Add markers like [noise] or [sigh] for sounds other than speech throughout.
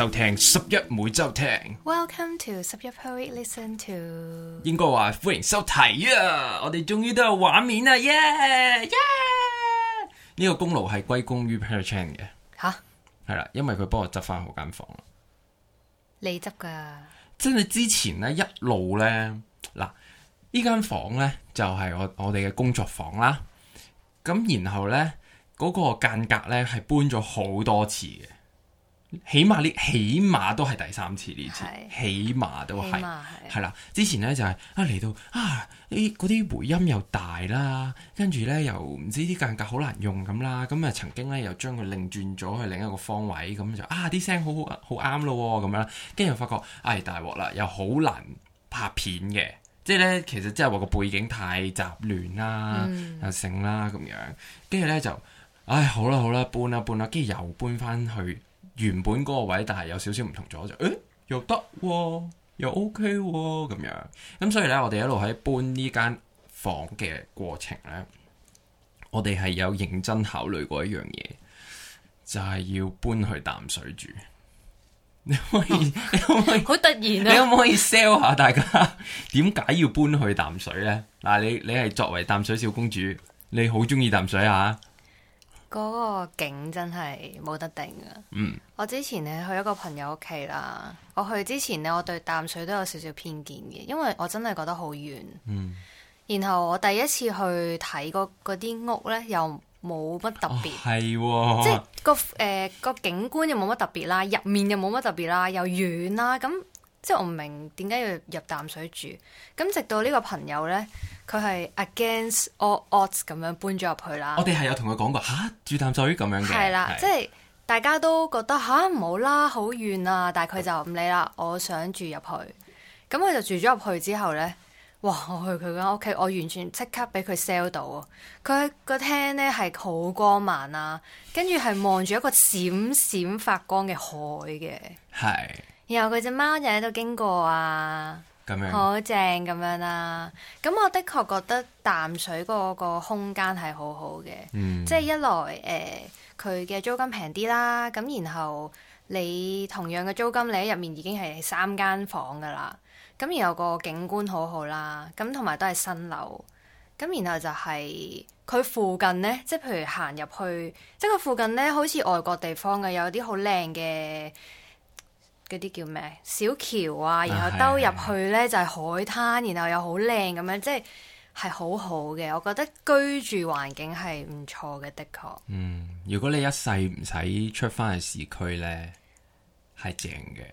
收聽十一每周聽。Welcome to 十一 Period Listen to。應該話歡迎收睇啊！Yeah! 我哋終於都有畫面啦耶耶，呢、yeah! yeah! 個功勞係歸功於 Per Chan 嘅。吓，係啦，因為佢幫我執翻好間房間。你執噶？真係之前呢一路呢？嗱，間間呢間房呢就係、是、我我哋嘅工作房啦。咁然後呢，嗰、那個間隔呢係搬咗好多次嘅。起碼你起碼都係第三次呢次，起碼都係，係啦是。之前呢就係、是、啊嚟到啊啲嗰啲回音又大啦，跟住呢又唔知啲間隔好難用咁啦，咁啊曾經呢又將佢擰轉咗去另一個方位，咁就啊啲聲好好好啱咯咁樣，跟住又發覺唉大鑊啦，又好難拍片嘅，即係呢，其實即係話個背景太雜亂啦，嗯、又剩啦咁樣，跟住呢就唉、哎、好啦好啦搬啦、啊、搬啦、啊，跟住又搬翻去。原本嗰個位，但係有少少唔同咗就，誒、欸，又得、啊，又 OK 咁樣。咁所以呢，我哋一路喺搬呢間房嘅過程呢，我哋係有認真考慮過一樣嘢，就係要搬去淡水住。你可以？ [laughs] 你可唔可以？好 [laughs] [laughs] 突然、啊、你可唔可以 sell 下大家？點解要搬去淡水呢？嗱，你你係作為淡水小公主，你好中意淡水啊？嗰個景真係冇得頂啊！嗯、我之前咧去一個朋友屋企啦，我去之前咧，我對淡水都有少少偏見嘅，因為我真係覺得好遠。嗯，然後我第一次去睇嗰啲屋咧，又冇乜特別，係、哦哦、即係個誒個景觀又冇乜特別啦，入面又冇乜特別啦，又遠啦，咁。即係我唔明點解要入淡水住，咁直到呢個朋友呢，佢係 against all odds 咁樣搬咗入去啦。我哋係有同佢講過吓、啊、住淡水咁樣嘅。係啦的，的即係大家都覺得吓唔好啦，好遠啊，但係佢就唔理啦。我想住入去，咁佢就住咗入去之後呢。哇！我去佢間屋企，我完全即刻俾佢 sell 到。啊。佢個廳呢係好光猛啊，跟住係望住一個閃閃發光嘅海嘅。係。然後佢隻貓就喺度經過啊，好樣正咁樣啦、啊。咁我的確覺得淡水嗰個空間係好好嘅，嗯、即係一來誒，佢、呃、嘅租金平啲啦。咁然後你同樣嘅租金，你喺入面已經係三間房噶啦。咁然後個景觀好好啦，咁同埋都係新樓。咁然後就係、是、佢附近呢，即係譬如行入去，即係佢附近呢，好似外國地方嘅，有啲好靚嘅。嗰啲叫咩？小橋啊，然後兜入去呢就係海灘，啊、然後又、就係、好靚咁樣，即係係好好嘅。我覺得居住環境係唔錯嘅，的確。嗯，如果你一世唔使出翻去市區呢，係正嘅。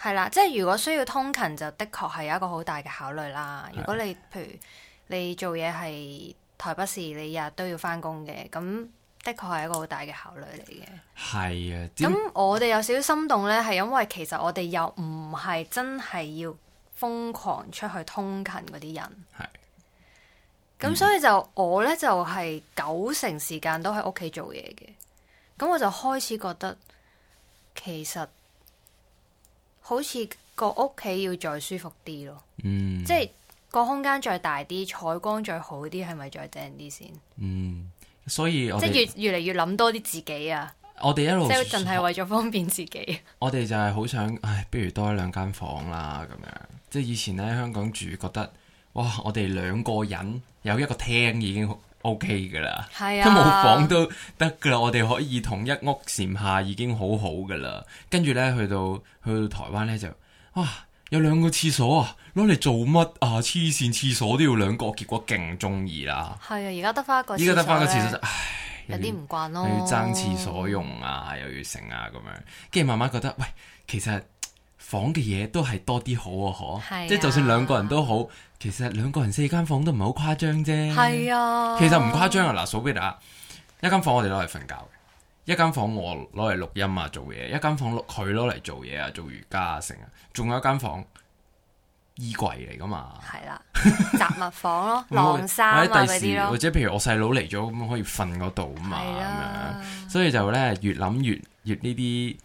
係啦，即係如果需要通勤，就的確係有一個好大嘅考慮啦。如果你的譬如你做嘢係台北市，你日日都要翻工嘅咁。的確係一個好大嘅考慮嚟嘅。係啊。咁我哋有少少心動呢，係因為其實我哋又唔係真係要瘋狂出去通勤嗰啲人。咁、嗯、所以就我呢，就係、是、九成時間都喺屋企做嘢嘅。咁我就開始覺得，其實好似個屋企要再舒服啲咯。嗯、即係個空間再大啲，採光再好啲，係咪再正啲先？嗯。所以我即，即係越越嚟越諗多啲自己啊！我哋一路即係淨係為咗方便自己。我哋就係好想，唉，不如多一兩間房啦咁樣。即係以前咧，喺香港住覺得，哇！我哋兩個人有一個廳已經 O K 嘅啦，係啊，都冇房都得嘅啦。我哋可以同一屋檐下已經好好嘅啦。跟住咧去到去到台灣咧就哇～有兩個廁所啊，攞嚟做乜啊？黐線，廁所都要兩個，結果勁中意啦。係啊，而家得翻一個廁所，而家得翻個廁所，唉，有啲唔慣咯。又要爭廁所用啊，又要成啊，咁樣。跟住慢慢覺得，喂，其實房嘅嘢都係多啲好啊，嗬、係啊。即係就算兩個人都好，其實兩個人四間房都唔係好誇張啫。係啊。其實唔誇張啊，嗱，數俾大家啊，一間房我哋攞嚟瞓覺。一間房間我攞嚟錄音啊，做嘢；一間房佢攞嚟做嘢啊，做瑜伽啊，成啊。仲有一間房衣櫃嚟噶嘛？係啦，雜物房咯，晾晒 [laughs] 啊，第或，或者譬如我細佬嚟咗咁可以瞓嗰度嘛，咁樣的。所以就咧越諗越越呢啲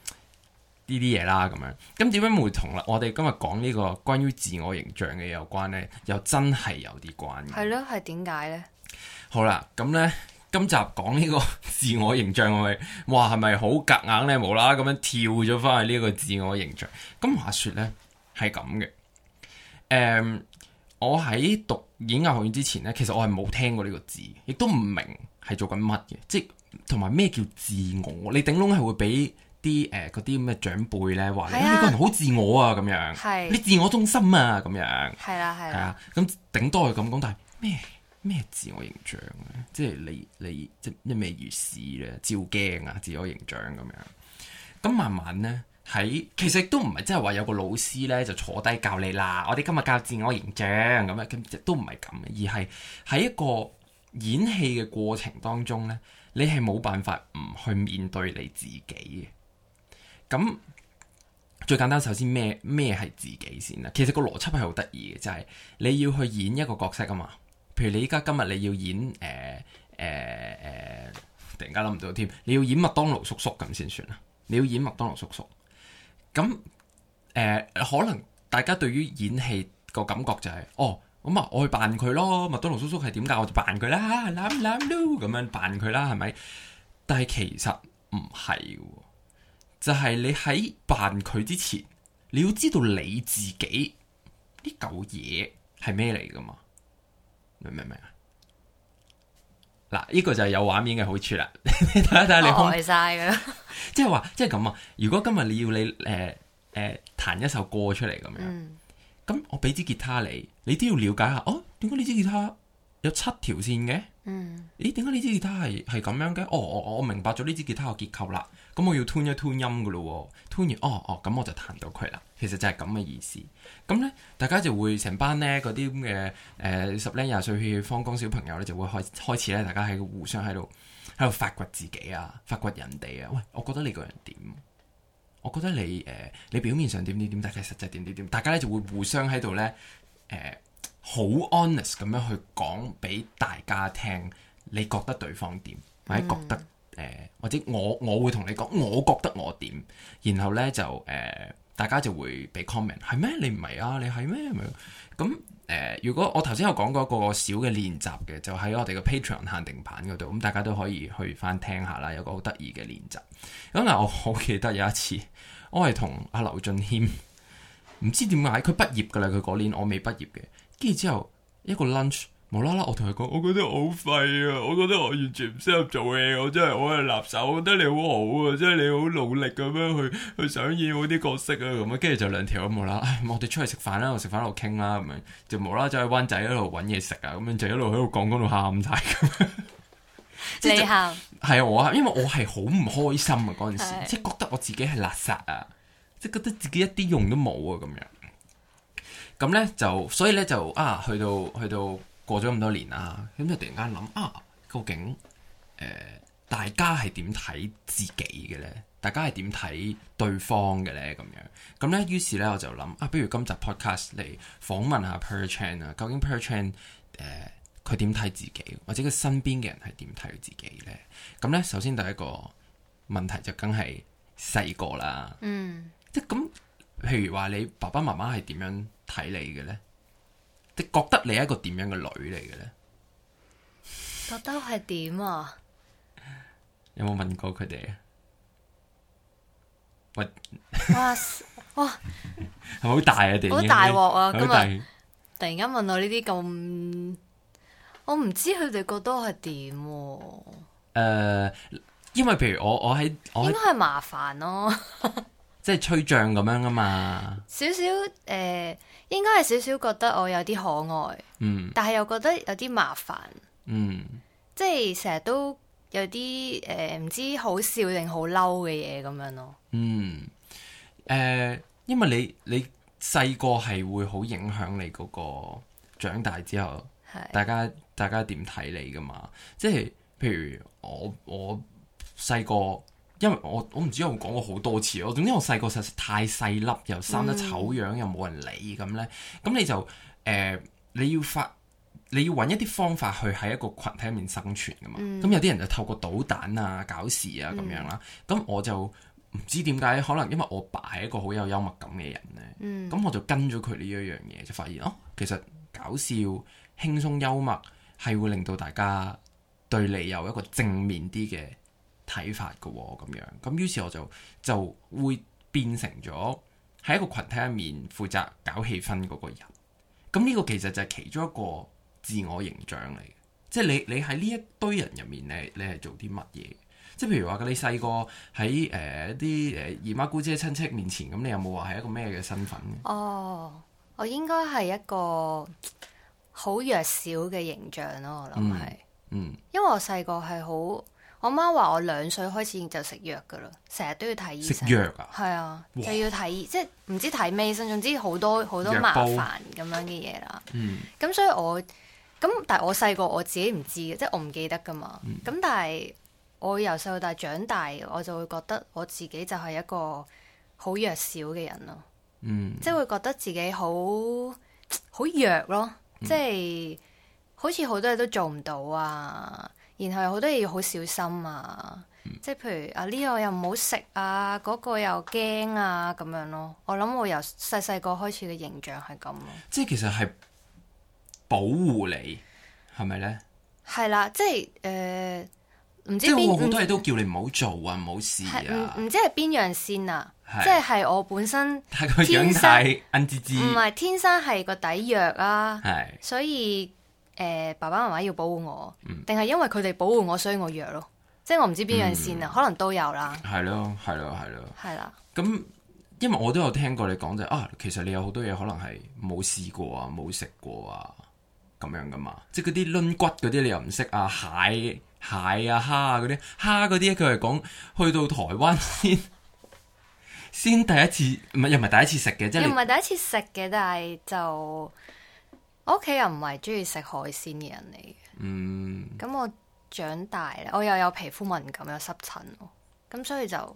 呢啲嘢啦，咁樣。咁點解會同啦？我哋今日講呢個關於自我形象嘅嘢有關咧，又真係有啲關。係咯，係點解咧？好啦，咁咧。今集講呢個自我形象係，哇，係咪好夾硬咧？無啦啦咁樣跳咗翻去呢個自我形象。咁話說咧，係咁嘅。誒、嗯，我喺讀演藝學院之前咧，其實我係冇聽過呢個字，亦都唔明係做緊乜嘅。即係同埋咩叫自我？你頂籠係會俾啲誒嗰啲咁嘅長輩咧話，啊、你，你個人好自我啊，咁樣。係是。你自我中心啊，咁樣。係啊，係啦。係啊，咁頂、啊啊、多係咁講，但係咩？咩自我形象咧？即係你你即一咩如是咧？照鏡啊！自我形象咁樣咁，慢慢呢，喺其實都唔係，真係話有個老師呢就坐低教你啦。我哋今日教自我形象咁咧，咁都唔係咁，而係喺一個演戲嘅過程當中呢，你係冇辦法唔去面對你自己嘅。咁最簡單，首先咩咩係自己先啦。其實個邏輯係好得意嘅，就係、是、你要去演一個角色啊嘛。譬如你依家今日你要演，誒誒誒，突然間諗唔到添，你要演麥當勞叔叔咁先算啦。你要演麥當勞叔叔，咁誒、呃、可能大家對於演戲個感覺就係、是，哦，咁啊，我去扮佢咯，麥當勞叔叔係點解，我就扮佢啦，懶懶碌咁樣扮佢啦，係咪？但係其實唔係嘅，就係、是、你喺扮佢之前，你要知道你自己呢舊嘢係咩嚟噶嘛？這個明唔明啊？嗱，呢、這個就係有畫面嘅好處啦。睇一睇你，看看你看，呆晒嘅。即係話，即係咁啊！如果今日你要你誒誒彈一首歌出嚟咁樣，咁、嗯、我俾支吉他你，你都要了解下。哦、啊，點解呢支吉他有七條線嘅？嗯。咦，點解呢支吉他係係咁樣嘅？哦，我我明白咗呢支吉他嘅結構啦。咁我要吞一吞音噶咯。吞完，哦哦，咁、哦哦、我就彈到佢啦。其實就係咁嘅意思。咁咧，大家就會成班咧嗰啲咁嘅誒十零廿歲方剛小朋友咧，就會開始開始咧，大家喺度互相喺度喺度發掘自己啊，發掘人哋啊。喂，我覺得你個人點？我覺得你誒、呃，你表面上點點點，但係實際點點點。大家咧就會互相喺度咧，誒、呃，好 honest 咁樣去講俾大家聽，你覺得對方點，嗯、或者覺得？誒，或者我我會同你講，我覺得我點，然後咧就誒、呃，大家就會俾 comment，係咩？你唔係啊，你係咩？咁誒、啊呃，如果我頭先有講過一個小嘅練習嘅，就喺我哋嘅 Patreon 限定版嗰度，咁大家都可以去翻聽下啦，有個好得意嘅練習。咁嗱，我好記得有一次，我係同阿劉俊謙，唔 [laughs] 知點解佢畢業噶啦，佢嗰年我未畢業嘅，跟住之後一個 lunch。無啦啦，我同佢講，我覺得好廢啊！我覺得我完全唔適合做嘢，我真係我係垃圾。我覺得你好好啊，即係你好努力咁樣去去想演嗰啲角色啊，咁樣，跟住就兩條咁無啦，我哋出去食飯啦，我食飯喺度傾啦，咁樣就無啦啦走去灣仔一度搵嘢食啊，咁樣就一路喺度講講到喊晒咁。你喊？係啊，我啊，因為我係好唔開心啊！嗰陣時即係覺得我自己係垃圾啊，即係覺得自己一啲用都冇啊！咁樣咁咧就，所以咧就啊，去到去到。過咗咁多年啦，啊，咁就突然間諗啊，究竟誒大家係點睇自己嘅咧？大家係點睇對方嘅咧？咁樣咁咧，於是咧我就諗啊，不如今集 podcast 嚟訪問下 Perchan 啊，究竟 Perchan 誒佢點睇自己，或者佢身邊嘅人係點睇自己咧？咁咧，首先第一個問題就梗係細個啦，嗯，即係咁，譬如話你爸爸媽媽係點樣睇你嘅咧？你覺得你係一個點樣嘅女嚟嘅咧？覺得係點啊？有冇問過佢哋啊？喂！哇哇，係咪好大啊？點好大鑊啊？今日大突然間問我呢啲咁，我唔知佢哋覺得我係點。誒、呃，因為譬如我我喺，我應該係麻煩咯、啊， [laughs] 即係吹脹咁樣㗎嘛。少少誒。呃應該係少少覺得我有啲可愛，嗯，但係又覺得有啲麻煩，嗯，即係成日都有啲誒唔知好笑定好嬲嘅嘢咁樣咯，嗯，誒、呃，因為你你細個係會好影響你嗰個長大之後，係是大家大家點睇你㗎嘛？即係譬如我我細個。因為我我唔知有冇講過好多次，我總之我細個實在太細粒，又生得醜樣，嗯、又冇人理咁咧。咁你就誒、呃，你要發，你要揾一啲方法去喺一個群體入面生存噶嘛。咁、嗯、有啲人就透過搗蛋啊、搞事啊咁樣啦。咁、嗯、我就唔知點解，可能因為我爸係一個好有幽默感嘅人咧。咁、嗯、我就跟咗佢呢一樣嘢，就發現哦，其實搞笑、輕鬆、幽默係會令到大家對你有一個正面啲嘅睇法嘅喎、哦，咁樣咁，於是我就就會變成咗喺一個群體入面負責搞氣氛嗰個人。咁呢個其實就係其中一個自我形象嚟嘅，即係你你喺呢一堆人入面，你你係做啲乜嘢？即係譬如話，你細個喺誒一啲誒姨媽姑姐親戚面前，咁你有冇話係一個咩嘅身份？哦，我應該係一個好弱小嘅形象咯，我諗係、嗯，嗯，因為我細個係好。我媽話我兩歲開始就食藥噶啦，成日都要睇醫生。食藥啊？係啊，哇就要睇醫，即係唔知睇咩醫生。總之好多好多麻煩咁樣嘅嘢啦。嗯。咁所以我，我咁但係我細個我自己唔知嘅，即係我唔記得噶嘛。咁、嗯、但係我由細到大長大，我就會覺得我自己就係一個好弱小嘅人咯。嗯、即係會覺得自己好好弱咯，嗯、即係好似好多嘢都做唔到啊！然後好多嘢要好小心啊！嗯、即係譬如、這個、啊呢、呢個又唔好食啊，嗰個又驚啊咁樣咯。我諗我由細細個開始嘅形象係咁咯。即係其實係保護你係咪咧？係啦，即係誒，唔、呃、知好多嘢都叫你唔好做啊，唔好試啊，唔知係邊樣先啊？是即係係我本身天生恩滋滋，唔係 [laughs] 天生係個底藥啊，係是所以。誒，爸爸媽媽要保護我，定係因為佢哋保護我，所以我弱咯。即係我唔知邊樣先啊，嗯、可能都有啦。係咯，係咯，係咯。係啦的。咁因為我都有聽過你講就係啊，其實你有好多嘢可能係冇試過啊，冇食過啊咁樣㗎嘛。即係嗰啲殼骨嗰啲你又唔識啊，蟹蟹啊、蝦啊嗰啲蝦嗰啲，佢係講去到台灣先 [laughs] 先第一次，又唔係第一次食嘅，啫，係。又唔係第一次食嘅即你，但係就。我屋企人又唔係中意食海鮮嘅人嚟嘅，咁、嗯、我長大咧，我又有皮膚敏感，有濕疹，咁所以就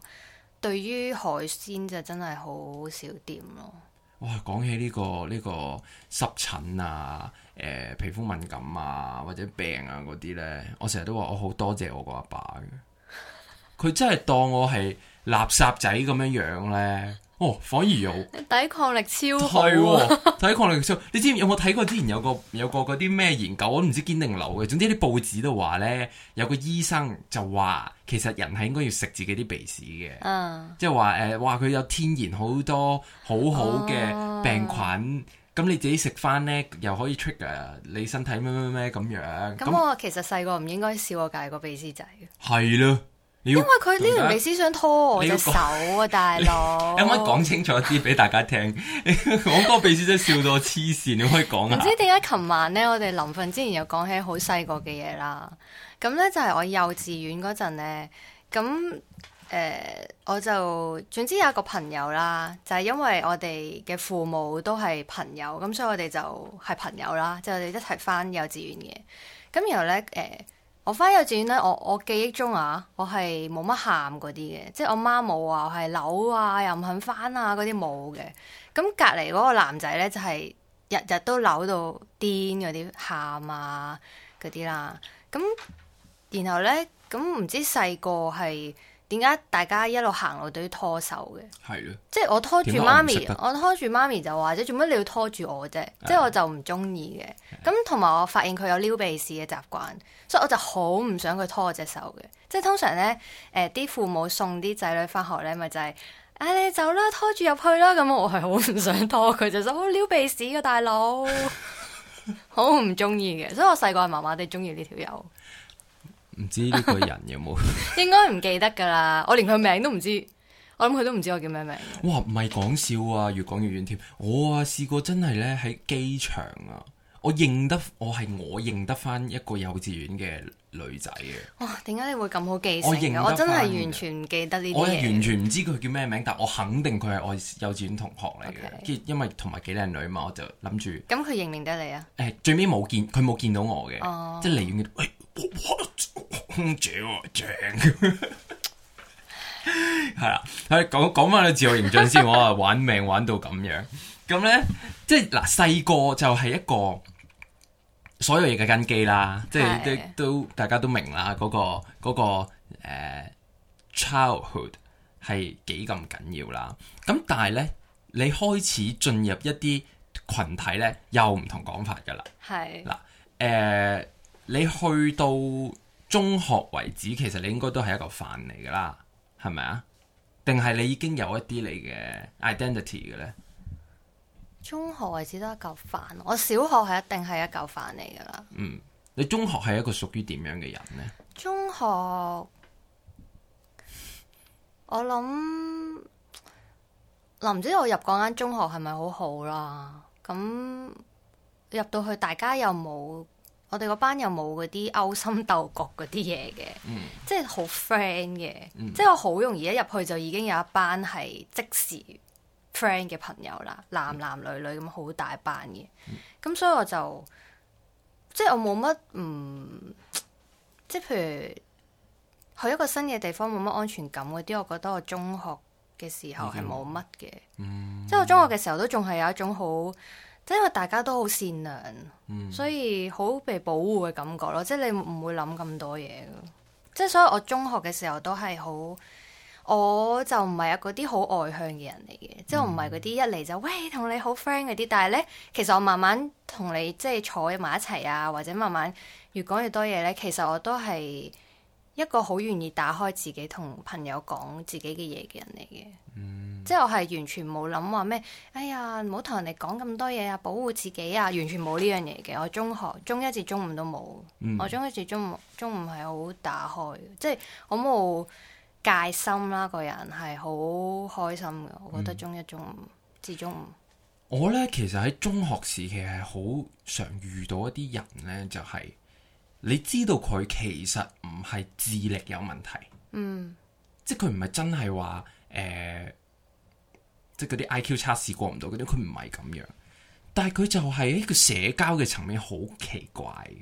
對於海鮮就真係好少掂咯。哇，講起呢個、呢個濕疹啊，誒、呃，皮膚敏感啊，或者病啊嗰啲咧，我成日都話我好多謝我個阿爸嘅，佢 [laughs] 真係當我係垃圾仔咁樣樣咧。哦，反而有，抵抗，哦、抵抗力超好，抵抗力超。你知唔有冇睇過之前有個有個嗰啲咩研究，我都唔知堅定流嘅。總之啲報紙都話咧，有個醫生就話其實人係應該要食自己啲鼻屎嘅，即係話誒，話佢、呃、有天然好多好好多好好嘅病菌，咁、啊、你自己食翻咧，又可以 trick 誒你身體咩咩咩咁樣。咁我其實細個唔應該笑我解過鼻屎仔。係咯。 [laughs] 因為佢呢條鼻屎想拖我隻手啊，你大佬！可唔可以講清楚啲俾大家聽？ [laughs] [laughs] 我嗰個鼻屎真笑到我黐線， [laughs] 你可以講。唔知點解琴晚咧，我哋臨瞓之前又講起好細個嘅嘢啦。咁咧就係、是、我幼稚園嗰陣咧，咁誒、呃、我就總之有一個朋友啦，就係、是、因為我哋嘅父母都係朋友，咁所以我哋就係朋友啦，之、就、後、是、我哋一齊返幼稚園嘅。咁然後咧，誒、呃。呃我翻幼稚園咧，我我記憶中啊，我係冇乜喊嗰啲嘅，即係我媽冇啊，係扭啊又唔肯翻啊嗰啲冇嘅。咁隔離嗰個男仔咧，就係日日都扭到癲嗰啲喊啊嗰啲啦。咁然後咧，咁唔知細個係點解大家一路行路都要拖手嘅？係咯的，即係我拖住媽咪，我，我拖住媽咪就話，即係做乜你要拖住我啫？即係我就唔中意嘅。咁同埋我發現佢有撩鼻屎嘅習慣，所以我就好唔想佢拖我隻手嘅。即係通常咧，誒、呃，啲父母送啲仔女翻學咧，咪就係、是哎，你走啦，拖住入去啦。咁我係好唔想拖佢隻手，好撩鼻屎嘅大佬，好唔中意嘅。所以我細個係麻麻地中意呢條友。唔知呢個人有冇？ [laughs] 應該唔記得噶啦，我連佢名都唔知，我諗佢都唔知我叫咩名。哇，唔係講笑啊，越講越遠添。我啊試過真係咧喺機場啊，我認得我係我認得翻一個幼稚園嘅女仔嘅。哇，點解你會咁好記性啊？我認得，我真係完全唔記得呢啲嘢，我完全唔知佢叫咩名，但我肯定佢係我幼稚園同學嚟嘅。Okay. 因為同埋幾靚女嘛，我就諗住。咁佢認唔認得你啊？誒、欸，最尾冇見，佢冇見到我嘅，Oh. 即係離遠嘅。哇！正正，係啦，係講講翻你自我形象先， [laughs] 我啊玩命玩到咁樣，咁咧即係嗱細個就係一個所有嘢嘅根基啦，是即係都大家都明啦，嗰、嗰個嗰、嗰個誒、呃、childhood 係幾咁緊要啦，咁但係咧你開始進入一啲群體咧又唔同講法噶啦，係嗱誒。你去到中學為止，其實你應該都係一個飯嚟噶啦，係咪啊？定係你已經有一啲你嘅 identity 嘅呢？中學為止都係一嚿飯，我小學係一定係一嚿飯嚟噶啦。嗯，你中學係一個屬於點樣嘅人呢？中學，我諗林唔知我入嗰間中學係咪好好啦？咁入到去，大家又冇。我哋嗰班又冇嗰啲勾心鬥角嗰啲嘢嘅。嗯、即係好 friend 嘅。嗯、即係我好容易一入去就已經有一班係即時 friend 嘅朋友啦，男男女女咁好大班嘅。咁、嗯、所以我就即係我冇乜唔，即係、嗯、譬如去一個新嘅地方冇乜安全感嗰啲，我覺得我中學嘅時候係冇乜嘅，嗯、即係我中學嘅時候都仲係有一種好。即係因為大家都好善良，嗯、所以好被保護嘅感覺咯。即係你唔會諗咁多嘢，即係所以我中學嘅時候都係好，我就唔係啊嗰啲好外向嘅人嚟嘅。嗯、即係我唔係嗰啲一嚟就喂同你好 friend 嗰啲。但係呢，其實我慢慢同你即係坐埋一齊啊，或者慢慢越講越多嘢呢，其實我都係一個好願意打開自己同朋友講自己嘅嘢嘅人嚟嘅。嗯、即係我係完全冇諗話咩，哎呀，唔好同人哋講咁多嘢啊，保護自己啊，完全冇呢樣嘢嘅。我中學中一至中五都冇，嗯、我中一至中五，中五係好打開，即係好冇戒心啦。個人係好開心嘅，我覺得中一中五、嗯、至中五。我呢其實喺中學時期係好常遇到一啲人呢，就係、是、你知道佢其實唔係智力有問題，嗯，即係佢唔係真係話。誒、呃，即係嗰啲 IQ 測試過唔到嗰啲，佢唔係咁樣，但係佢就係喺個社交嘅層面好奇怪嘅，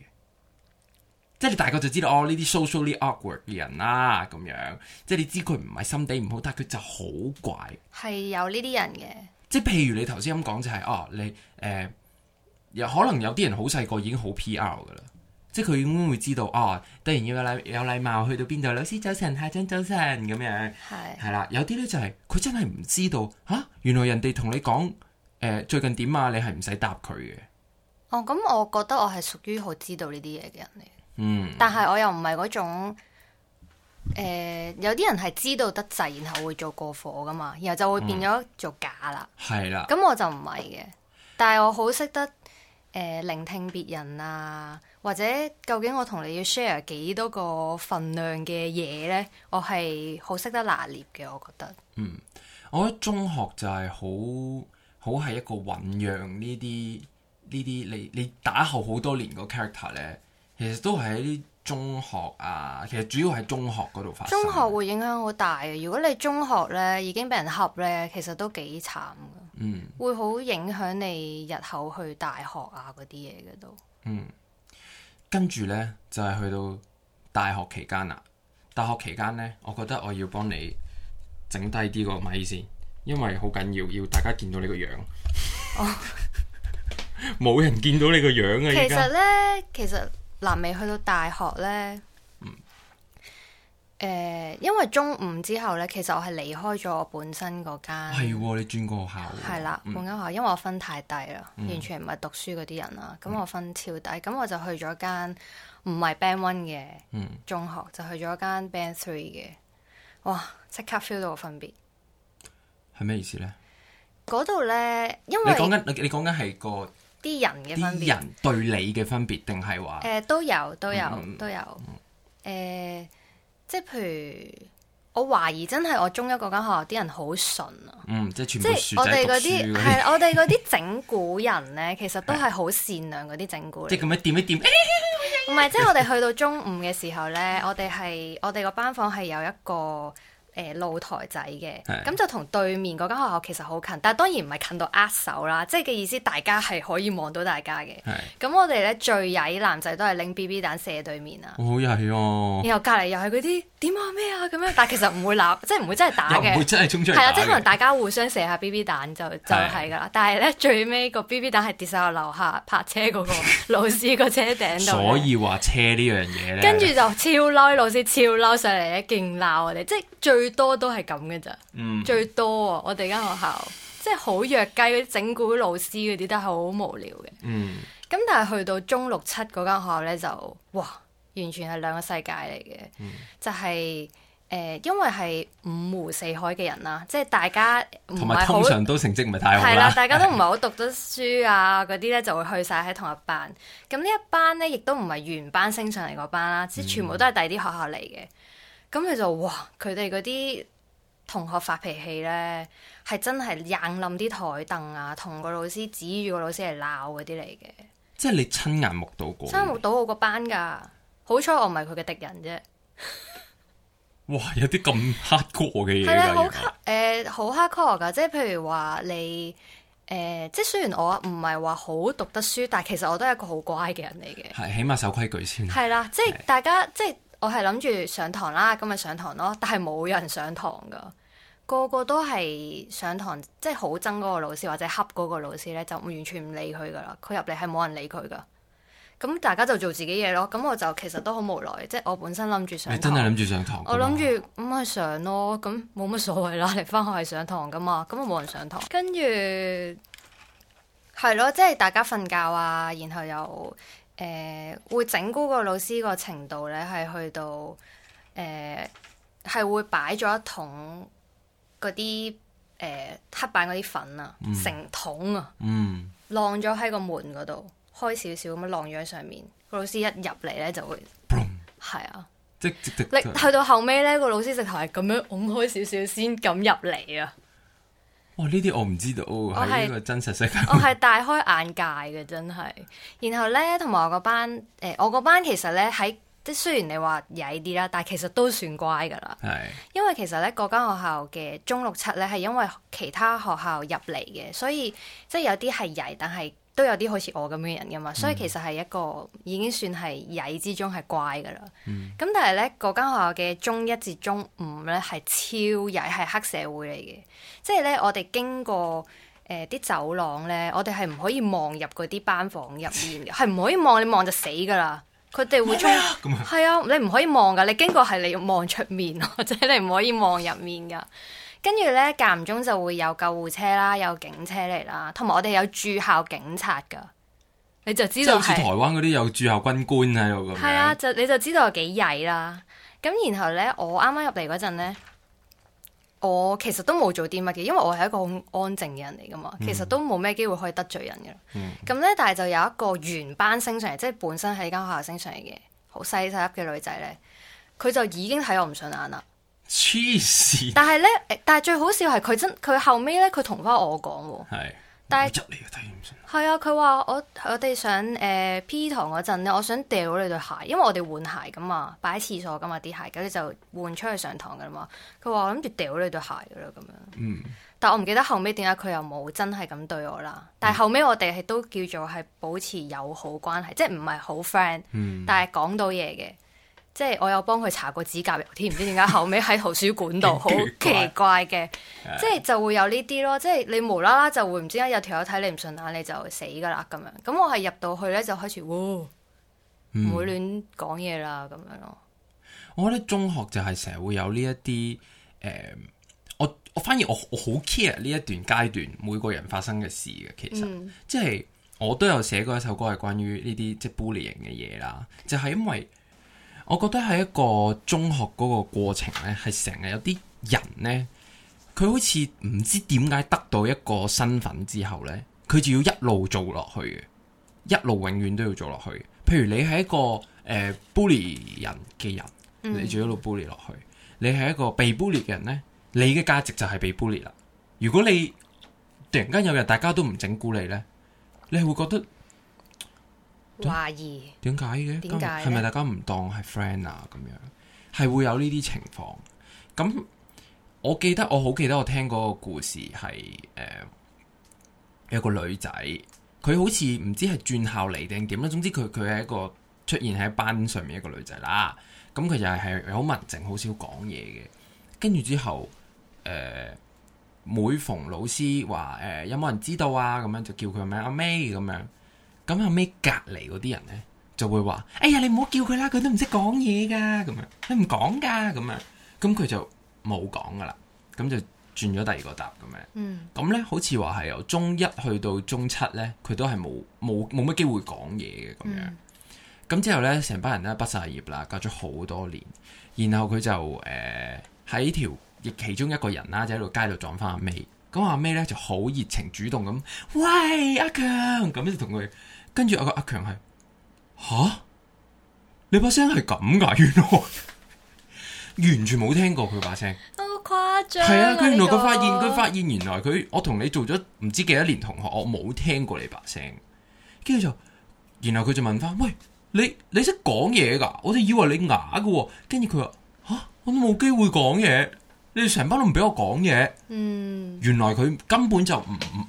即係你大概就知道哦，呢啲 socially awkward 嘅人啦、啊，咁樣，即係你知佢唔係心地唔好，但係佢就好怪，係有呢啲人嘅，即係譬如你頭先咁講就係、是、哦，你誒、呃、可能有啲人好細個已經好 PR 噶啦。即係佢應該會知道哦，突然要有禮有禮貌去到邊度，老師早晨，校長早晨咁樣係係啦。有啲咧就係、是、佢真係唔知道吓、啊，原來人哋同你講誒、呃、最近點啊，你係唔使答佢嘅。哦，咁我覺得我係屬於好知道呢啲嘢嘅人嚟，嗯。但係我又唔係嗰種誒、呃，有啲人係知道得滯，然後會做過火噶嘛，然後就會變咗做假啦。係啦、嗯，咁我就唔係嘅，但係我好識得。誒、呃、聆聽別人啊，或者究竟我同你要 share 幾多個份量嘅嘢呢？我係好識得拿捏嘅，我覺得。嗯，我覺得中學就係好好係一個醖釀呢啲呢啲，你你打後好多年個 character 呢，其實都喺中學啊。其實主要喺中學嗰度發生。中學會影響好大嘅。如果你中學呢已經俾人恰呢，其實都幾慘。嗯、會好影響你日後去大學啊嗰啲嘢嘅都。嗯，跟住呢，就係、是、去到大學期間啦。大學期間呢，我覺得我要幫你整低啲個咪先，因為好緊要，要大家見到你個樣。哦，冇人見到你個樣啊！ [laughs] 現在 其實呢，其實嗱未去到大學呢。誒，因為中五之後咧，其實我係離開咗我本身嗰間。係喎，你轉嗰個學校。係啦，換間學校，因為我分太低啦，完全唔係讀書嗰啲人啦。咁我分超低，咁我就去咗間唔係 Band One 嘅中學，就去咗間 Band Three 嘅。哇！即刻 feel 到個分別。係咩意思咧？嗰度咧，因為你講緊，你講緊係個啲人嘅分別，人對你嘅分別，定係話誒，都有都有都有誒。即係譬如，我懷疑真係我中一嗰間學校啲人好純啊。嗯，即係全部書仔讀書。係我哋嗰啲整蠱人咧，其實都係好善良嗰啲整蠱。 [laughs] 即係咁樣掂一掂，唔係，即係我哋去到中五嘅時候咧，我哋係我哋個班房係有一個。誒露台仔嘅，咁的就同對面嗰間學校其實好近，但係當然唔係近到握手啦，即係嘅意思大家係可以望到大家嘅。咁的我哋咧最曳男仔都係拎 BB 彈射對面、哦、又啊！好曳啊！然後隔離又係嗰啲點啊咩啊咁樣，但係其實唔會鬧， [laughs] 即係唔會真係打嘅，唔會真係衝出嚟係啦，即係可能大家互相射下 BB 彈就就係㗎啦。的但係咧最尾個 BB 彈係跌晒落樓下泊車嗰個老師個車頂度， [laughs] 所以話車呢樣嘢咧。跟住就超嬲， [laughs] 老師超嬲上嚟咧，勁鬧我哋，即係最。最多都係咁嘅咋，嗯、最多啊、哦！我哋間學校即係好弱雞，整蠱老師嗰啲都係好無聊嘅。咁、嗯、但係去到中六七嗰間學校呢，就哇，完全係兩個世界嚟嘅。嗯、就係、是、誒、呃，因為係五湖四海嘅人啦，即係大家唔係通常都成績唔係太好啦。大家都唔係好讀得書啊，嗰啲呢就會去晒喺同一班。咁呢一班呢，亦都唔係原班升上嚟嗰班啦，即係全部都係第二啲學校嚟嘅。嗯咁佢就哇！佢哋嗰啲同學發脾氣咧，係真係硬冧啲台凳啊，同個老師指住個老師嚟鬧嗰啲嚟嘅。即係你親眼目睹過。親眼目睹過我個班㗎，好彩我唔係佢嘅敵人啫、啊。 [laughs] 哇！有啲咁黑酷嘅嘢。係啊，好黑誒，好黑酷㗎！即係譬如話你誒、呃，即係雖然我唔係話好讀得書，但係其實我都係一個好乖嘅人嚟嘅。係，起碼守規矩先。係啦，即係大家即係。我係諗住上堂啦，咁咪上堂咯，但係冇人上堂噶，個個都係上堂，即係好憎嗰個老師或者恰嗰個老師咧，就完全唔理佢噶啦，佢入嚟係冇人理佢噶，咁大家就做自己嘢咯，咁我就其實都好無奈，即係我本身諗住上，你真係諗住上堂，我諗住咁去上咯，咁冇乜所謂啦，你翻學係上堂噶嘛，咁啊冇人上堂，跟住係咯，即係大家瞓覺啊，然後又。誒、呃，會整蠱個老師個程度咧，係去到誒，係、呃、會擺咗一桶嗰啲誒黑板嗰啲粉啊，嗯、成桶啊，晾咗喺個門嗰度，開少少咁樣晾咗喺上面。個、嗯、老師一入嚟咧就會，係噗啊，即即即，你去到後尾咧，個老師直頭係咁樣拱開少少先咁入嚟啊！哇！呢啲，哦，我唔知道喺呢是個真實世界，我係大開眼界嘅，真係。 [laughs] 然後呢，同埋我個班，誒、呃，我個班其實呢，喺即係雖然你話曳啲啦，但係其實都算乖㗎喇。係是因為其實呢，嗰間學校嘅中六七呢，係因為其他學校入嚟嘅，所以即係有啲係曳，但係。都有啲好似我咁嘅人噶嘛，嗯、所以其實係一個已經算係曳之中係乖噶啦。咁、嗯、但係咧，嗰間學校嘅中一至中五咧係超曳，係黑社會嚟嘅。即係咧，我哋經過誒啲走廊咧，我哋係唔可以望入嗰啲班房入面嘅，係唔 [laughs] 可以望，你望就死噶啦。佢哋會衝，係 [laughs] 啊，你唔可以望噶。你經過係 [laughs] 你要望出面，或者你唔可以望入面噶。跟住咧，間唔中就會有救護車啦，有警車嚟啦，同埋我哋有駐校警察噶，你就知道。即係好似台灣嗰啲有駐校軍官喺度咁。係啊，就你就知道係幾曳啦。咁然後咧，我啱啱入嚟嗰陣咧，我其實都冇做啲乜嘅，因為我係一個好安靜嘅人嚟噶嘛。嗯、其實都冇咩機會可以得罪人嘅。咁咧、嗯，但係就有一個原班升上嚟，即係本身喺間學校升上嚟嘅好細細粒嘅女仔咧，佢就已經睇我唔順眼啦。黐線！但係咧，但係最好笑係佢真佢後尾咧，佢同翻我講喎。係是。但係入嚟嘅體驗先。係啊，佢話我我哋上誒 P 堂嗰陣咧，我想掉你對鞋，因為我哋換鞋噶嘛，擺喺廁所噶嘛啲鞋，咁你就換出去上堂噶啦嘛。佢話我諗住掉你對鞋噶啦咁樣。嗯。但我唔記得後尾點解佢又冇真係咁對我啦。但係後尾我哋係都叫做係保持友好關係，嗯、即係唔係好 friend，但係講到嘢嘅。即係我有幫佢查過指甲油添，唔知點解後尾喺圖書館度好奇怪嘅，嗯、怪即係就會有呢啲咯。即係你無啦啦就會唔知點有條友睇你唔順眼，你就死噶啦咁樣。咁我係入到去呢，就開始唔會亂講嘢啦咁樣咯、嗯。我覺得中學就係成日會有呢一啲誒，我我反而我我好 care 呢一段階段每個人發生嘅事嘅，其實即係、嗯、我都有寫過一首歌係關於呢啲即係 bully 人嘅嘢啦，就係、是、因為。我覺得喺一個中學嗰個過程咧，係成日有啲人咧，佢好似唔知點解得到一個身份之後咧，佢就要一路做落去嘅，一路永遠都要做落去。譬如你係一個誒、呃、bully 人嘅人，你就一路 bully 落去。嗯、你係一個被 bully 嘅人咧，你嘅價值就係被 bully 啦。如果你突然間有日大家都唔整蠱你咧，你係會覺得。懷點解嘅？點解係咪大家唔當係 friend 啊？咁樣係會有呢啲情況？咁我記得我好記得我聽嗰個故事係誒、呃、有一個女仔，佢好似唔知係轉校嚟定點啦。總之佢佢係一個出現喺班上面一個女仔啦。咁、啊、佢就係好文靜，好少講嘢嘅。跟住之後誒、呃、每逢老師話誒、呃、有冇人知道啊？咁樣就叫佢名阿、啊、May 咁樣。咁後尾隔籬嗰啲人咧，就會話：哎呀，你唔好叫佢啦，佢都唔識講嘢噶，咁樣佢唔講噶，咁啊，咁佢就冇講噶啦，咁就轉咗第二個答咁樣。嗯，咁咧好似話係由中一去到中七咧，佢都係冇冇冇乜機會講嘢嘅咁樣。咁、嗯、之後咧，成班人咧畢晒業啦，隔咗好多年，然後佢就誒喺條亦其中一個人啦、啊，就喺度街度撞翻阿美。咁阿 May 咧就好熱情主動咁，喂阿強咁樣同佢，跟住阿個阿強係吓？你把聲係咁噶？原來 [laughs] 完全冇聽過佢把聲，好誇張。係啊，佢裡原來佢發現佢發現原來佢，我同你做咗唔知幾多年同學，我冇聽過你把聲。跟住就，然後佢就問翻，喂，你你識講嘢噶？我哋以為你啞嘅喎。跟住佢話吓？我都冇機會講嘢。你成班都唔俾我講嘢，嗯、原來佢根本就唔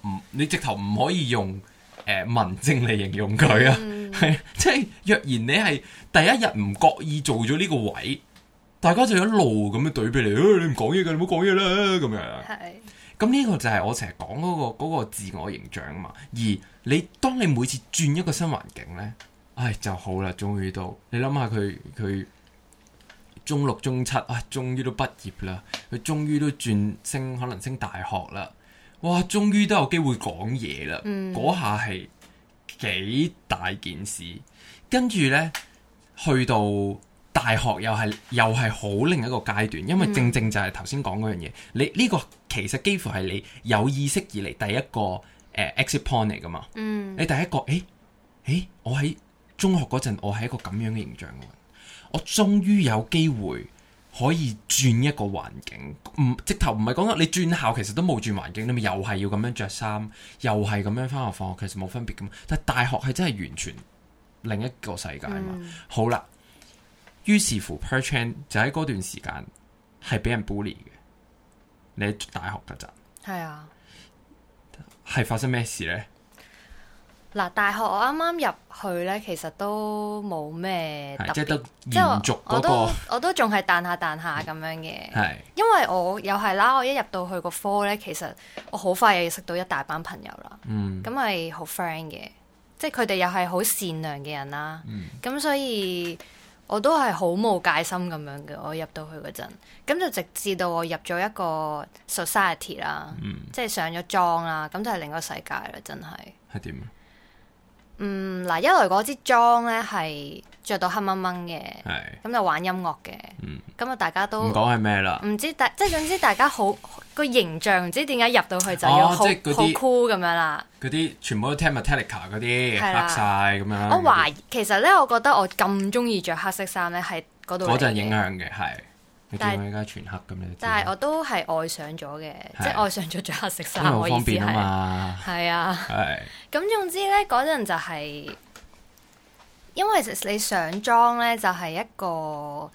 唔唔，你直頭唔可以用，誒、呃、文靜嚟形容佢啊，係、嗯、 [laughs] 即係若然你係第一日唔覺意做咗呢個位，大家就一路咁樣懟俾你，你唔講嘢嘅，你唔好講嘢啦咁樣。係是，咁呢個就係我成日講嗰個、嗰個自我形象啊嘛。而你當你每次轉一個新環境咧，唉，就好啦，終於到你諗下佢佢。中六中七啊，終於都畢業啦！佢終於都轉升，可能升大學啦。哇，終於都有機會講嘢啦！嗰、嗯、下係幾大件事。跟住呢，去到大學又係又係好另一個階段，因為正正就係頭先講嗰樣嘢。嗯、你呢、呢個其實幾乎係你有意識以嚟第一個誒、呃、exit point 嚟㗎嘛？嗯、你第一個誒我喺中學嗰陣，我係一個咁樣嘅形象。我終於有機會可以轉一個環境，唔直頭唔係講啦，你轉校其實都冇轉環境，你咪又係要咁樣着衫，又係咁樣翻學放學，其實冇分別噶嘛。但大學係真係完全另一個世界嘛。嗯、好啦，於是乎 Perchance 就喺嗰段時間係俾人 bully 嘅。你喺大學嗰陣，係啊、嗯，係發生咩事呢？嗱，大學我啱啱入去咧，其實都冇咩特別，即係延續、嗰個、我，我都仲係彈下彈下咁樣嘅。係、嗯，因為我又係啦，我一入到去個科咧，其實我好快又識到一大班朋友啦。嗯，咁係好 friend 嘅，即係佢哋又係好善良嘅人啦。嗯，咁所以我都係好冇戒心咁樣嘅。我入到去嗰陣，咁就直至到我入咗一個 society 啦。嗯、即係上咗莊啦，咁就係另一個世界啦，真係。係點？嗯，嗱，一來嗰支裝咧係着到黑掹掹嘅，咁就是玩音樂嘅，咁啊、嗯、大家都唔講係咩啦，唔知大即係總之大家好個形象，唔知點解入到去就要好好酷咁樣啦，嗰啲全部都聽 Metallica 嗰啲黑晒咁樣。我懷疑些其實咧，我覺得我咁中意着黑色衫咧，係嗰度陣影響嘅係。但係依家全黑咁咧，但係我都係愛上咗嘅，是即係愛上咗最客食飯，我意思係。係啊，係 [laughs] 的。咁的總之呢，嗰陣就係、是，因為你上莊呢，就係一個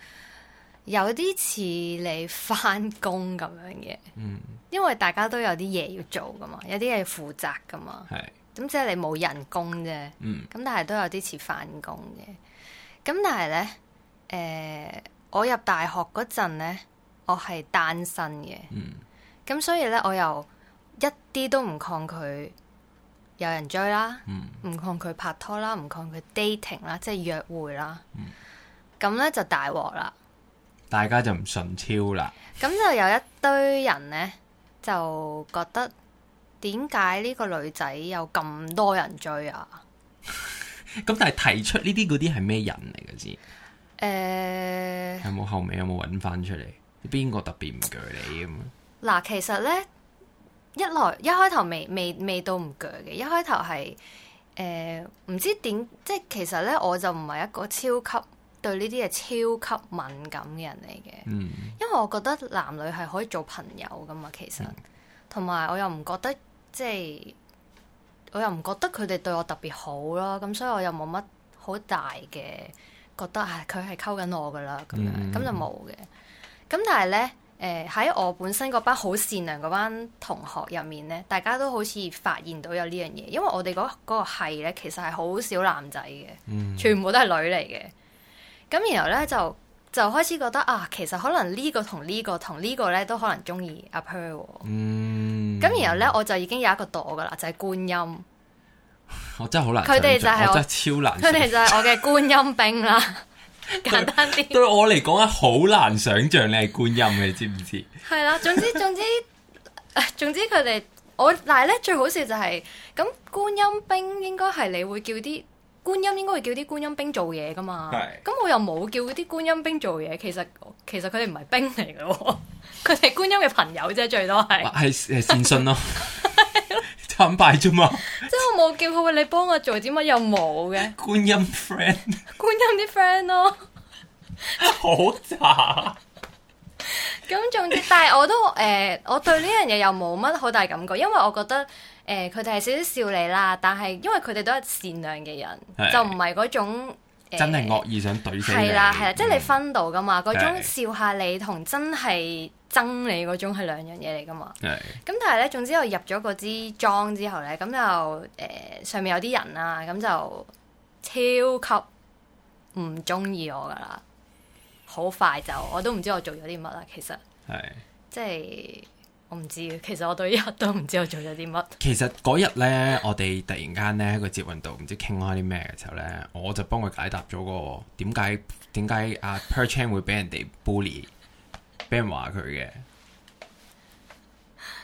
有啲似你翻工咁樣嘅。嗯、因為大家都有啲嘢要做噶嘛，有啲嘢要負責噶嘛。咁的即係你冇人工啫。咁、嗯、但係都有啲似翻工嘅。咁但係呢。誒、呃。我入大學嗰陣呢，我係單身嘅，咁、嗯、所以呢，我又一啲都唔抗拒有人追啦，唔、嗯、抗拒拍拖啦，唔抗拒 dating 啦，即係約會啦。咁、嗯、呢就大鑊啦，大家就唔順超啦。咁就有一堆人呢，就覺得點解呢個女仔有咁多人追啊？咁 [laughs] 但係提出呢啲嗰啲係咩人嚟嘅知。誒、uh，有冇後尾有冇搵翻出嚟？邊個特別唔鋸你咁？嗱，其實咧，一來一開頭未未未到唔鋸嘅，一開頭係誒，唔、呃、知點，即係其實咧，我就唔係一個超級對呢啲嘢超級敏感嘅人嚟嘅，mm. 因為我覺得男女係可以做朋友噶嘛，其實，同埋我又唔覺得，即係我又唔覺得佢哋對我特別好咯，咁所以我又冇乜好大嘅。覺得啊，佢係溝緊我噶啦，咁樣咁、mm hmm. 就冇嘅。咁但係咧，誒、呃、喺我本身嗰班好善良嗰班同學入面咧，大家都好似發現到有呢樣嘢，因為我哋嗰嗰個係咧，其實係好少男仔嘅，mm hmm. 全部都係女嚟嘅。咁然後咧就就開始覺得啊，其實可能個個個呢個同呢個同呢個咧都可能中意阿 Per。嗯、mm。咁、hmm. 然後咧我就已經有一個朵噶啦，就係、是、觀音。我真係好難，佢哋就係我真係超難。佢哋就係我嘅觀音兵啦，簡單啲。對我嚟講啊，好難想象你係觀音，你知唔知？係啦，總之總之總之佢哋我但係咧最好笑就係咁觀音兵應該係你會叫啲觀音應該會叫啲觀音兵做嘢噶嘛。係咁我又冇叫啲觀音兵做嘢，其實其實佢哋唔係兵嚟噶，佢哋觀音嘅朋友啫，最多係係係善信咯。坦白啫嘛，即係我冇叫佢你幫我做啲乜又冇嘅。觀音 friend， [laughs] 觀音啲 friend 咯，好渣。咁仲之，但係我都誒、呃，我對呢樣嘢又冇乜好大感覺，因為我覺得誒，佢哋係少少笑你啦，但係因為佢哋都係善良嘅人，是就唔係嗰種、呃、真係惡意想對你。係啦係啦，即係、嗯、你分到噶嘛，嗰種笑下你同真係的。憎你嗰種係兩樣嘢嚟噶嘛？咁的但係咧，總之我入咗嗰支莊之後咧，咁就誒、呃、上面有啲人啊，咁就超級唔中意我噶啦，好快就我都唔知我做咗啲乜啦。其實，的即係我唔知其實我到依日都唔知我做咗啲乜。其實嗰日咧， [laughs] 我哋突然間咧喺個節目度唔知傾開啲咩嘅時候咧，我就幫佢解答咗、個點解點解阿 Per Chan 會俾人哋 bully。俾人話佢嘅，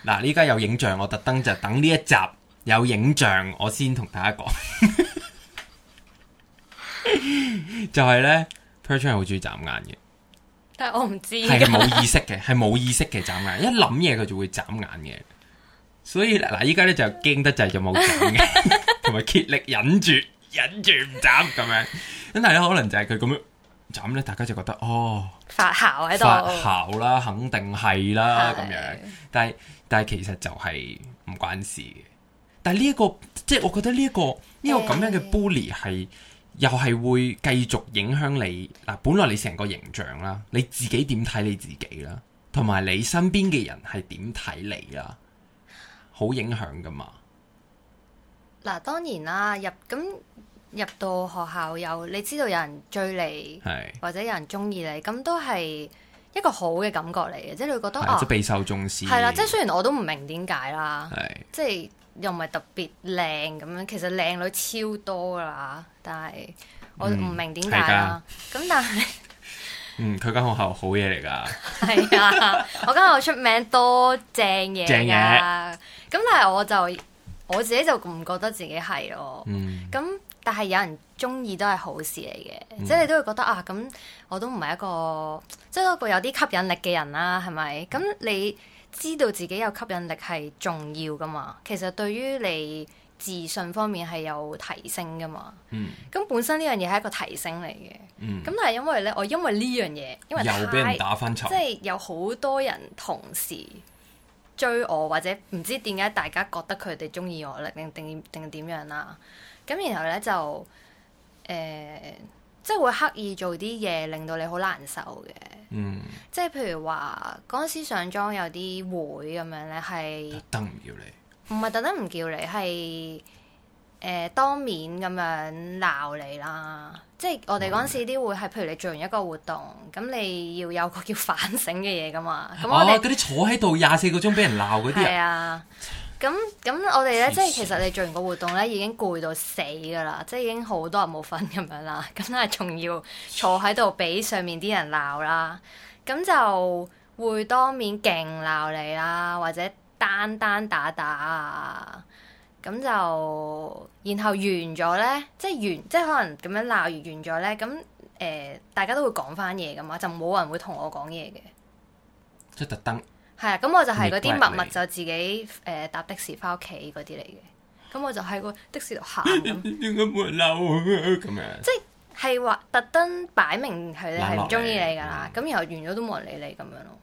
嗱，呢、啊、家有影像，我特登就等呢一集有影像，我先同大家講， [laughs] 就係咧，Perchan 係好中意眨眼嘅，但係我唔知，係冇意識嘅，係冇意識嘅眨眼，一諗嘢佢就會眨眼嘅，所以嗱，依家咧就驚得就係就冇眨嘅，同埋竭力忍住，忍住唔眨咁樣，咁但係咧可能就係佢咁樣。咁咧，大家就覺得哦，發姣喺度，發姣啦，肯定係啦咁樣。但係但係，其實就係唔關事嘅。但係呢一個，即係我覺得呢一個呢個咁樣嘅 bully 係又係會繼續影響你嗱，本來你成個形象啦，你自己點睇你自己啦，同埋你身邊嘅人係點睇你啦，好影響㗎嘛。嗱，當然啦，入咁。入到學校有你知道有人追你，是或者有人中意你，咁都係一個好嘅感覺嚟嘅，即係你會覺得哦備對、啊、受重視係啦，即係雖然我都唔明點解啦，是即係又唔係特別靚咁樣，其實靚女超多噶啦，但係我唔明點解啊。咁但係，嗯，佢間、嗯、學校好嘢嚟噶，係 [laughs] 啊，我間學校出名多正嘢，正嘢呀。咁但係我就我自己就唔覺得自己係咯，咁、嗯。嗯但係有人中意都係好事嚟嘅，嗯、即係你都會覺得啊，咁我都唔係一個即係一個有啲吸引力嘅人啦、啊，係咪？咁你知道自己有吸引力係重要噶嘛？其實對於你自信方面係有提升噶嘛？嗯，咁本身呢樣嘢係一個提升嚟嘅，嗯，咁但係因為咧，我因為呢樣嘢，因為又俾人打翻巢，即係有好多人同時追我，或者唔知點解大家覺得佢哋中意我，定定定點樣啦？咁然後咧就誒、呃，即係會刻意做啲嘢，令到你好難受嘅。嗯，即係譬如話，嗰陣時上莊有啲會咁樣咧，係特登唔叫你，唔係特登唔叫你，係誒、呃、當面咁樣鬧你啦。即係我哋嗰陣時啲會係，嗯、譬如你做完一個活動，咁你要有個叫反省嘅嘢噶嘛。咁我哋嗰啲坐喺度廿四個鐘俾人鬧嗰啲啊。咁咁我哋咧，即係其實你做完個活動咧，已經攰到死㗎啦，即係已經好多人冇瞓咁樣啦，咁啊仲要坐喺度俾上面啲人鬧啦，咁就會當面勁鬧你啦，或者單單打打，咁就然後完咗咧，即係完，即係可能咁樣鬧完完咗咧，咁誒、呃、大家都會講翻嘢㗎嘛，就冇人會同我講嘢嘅，即係特登。係啊，咁、嗯、我就係嗰啲默默就自己誒、呃、搭的士翻屋企嗰啲嚟嘅，咁我就喺個的士度行咁。點解冇人嬲啊，咁樣。即係話特登擺明佢係唔中意你噶啦，咁、 [laughs] 嗯、然後完咗都冇人理你咁樣咯。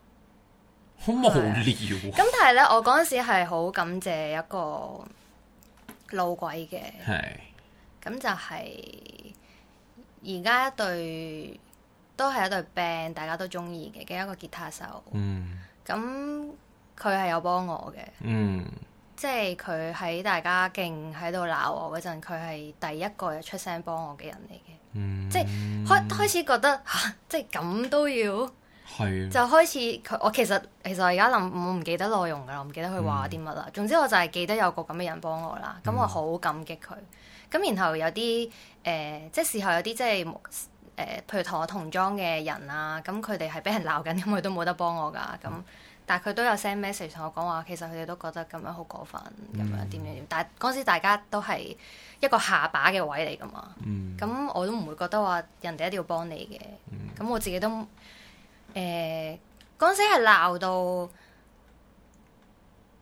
好無聊。咁 [laughs] 但係咧，我嗰陣時係好感謝一個老鬼嘅。係。咁就係而家一對都係一對 band，大家都中意嘅，嘅一個吉他手。嗯。咁佢係有幫我嘅，嗯，嗯，即係佢喺大家勁喺度鬧我嗰陣，佢係第一個出聲幫我嘅人嚟嘅，嗯，即係開開始覺得、啊、即係咁都要係，係就開始佢我其實其實我而家諗我唔記得內容噶啦，我唔記得佢話啲乜啦，嗯、總之我就係記得有個咁嘅人幫我啦，咁我好感激佢，咁、嗯、然後有啲誒、呃，即係時候有啲即係。呃、譬如同我同裝嘅人啊，咁佢哋係俾人鬧緊，咁佢都冇得幫我噶。咁、嗯，嗯、但係佢都有 send message 同我講話，其實佢哋都覺得咁樣好過分，咁、嗯嗯、樣點點點。但係嗰陣時大家都係一個下把嘅位嚟噶嘛。咁、嗯、我都唔會覺得話人哋一定要幫你嘅。咁、嗯嗯、我自己都誒，嗰、呃、陣時係鬧到。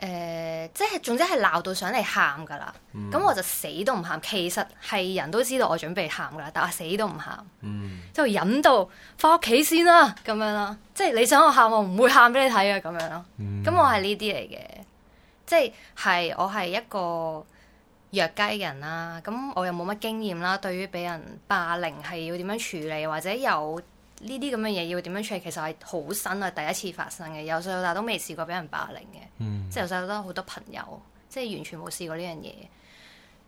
誒、呃，即係，總之係鬧到想嚟喊噶啦，咁、嗯、我就死都唔喊。其實係人都知道我準備喊噶啦，但我死都唔喊。嗯、就忍到翻屋企先啦、啊，咁樣啦，即係你想我喊，我唔會喊俾你睇嘅咁樣咯。咁、嗯、我係呢啲嚟嘅，即係係我係一個弱雞人啦、啊。咁我又冇乜經驗啦，對於俾人霸凌係要點樣處理，或者有。呢啲咁嘅嘢要點樣出？其實係好新啊，第一次發生嘅。由細到大都未試過俾人霸凌嘅，嗯、即係由細到大都好多朋友，即係完全冇試過呢樣嘢。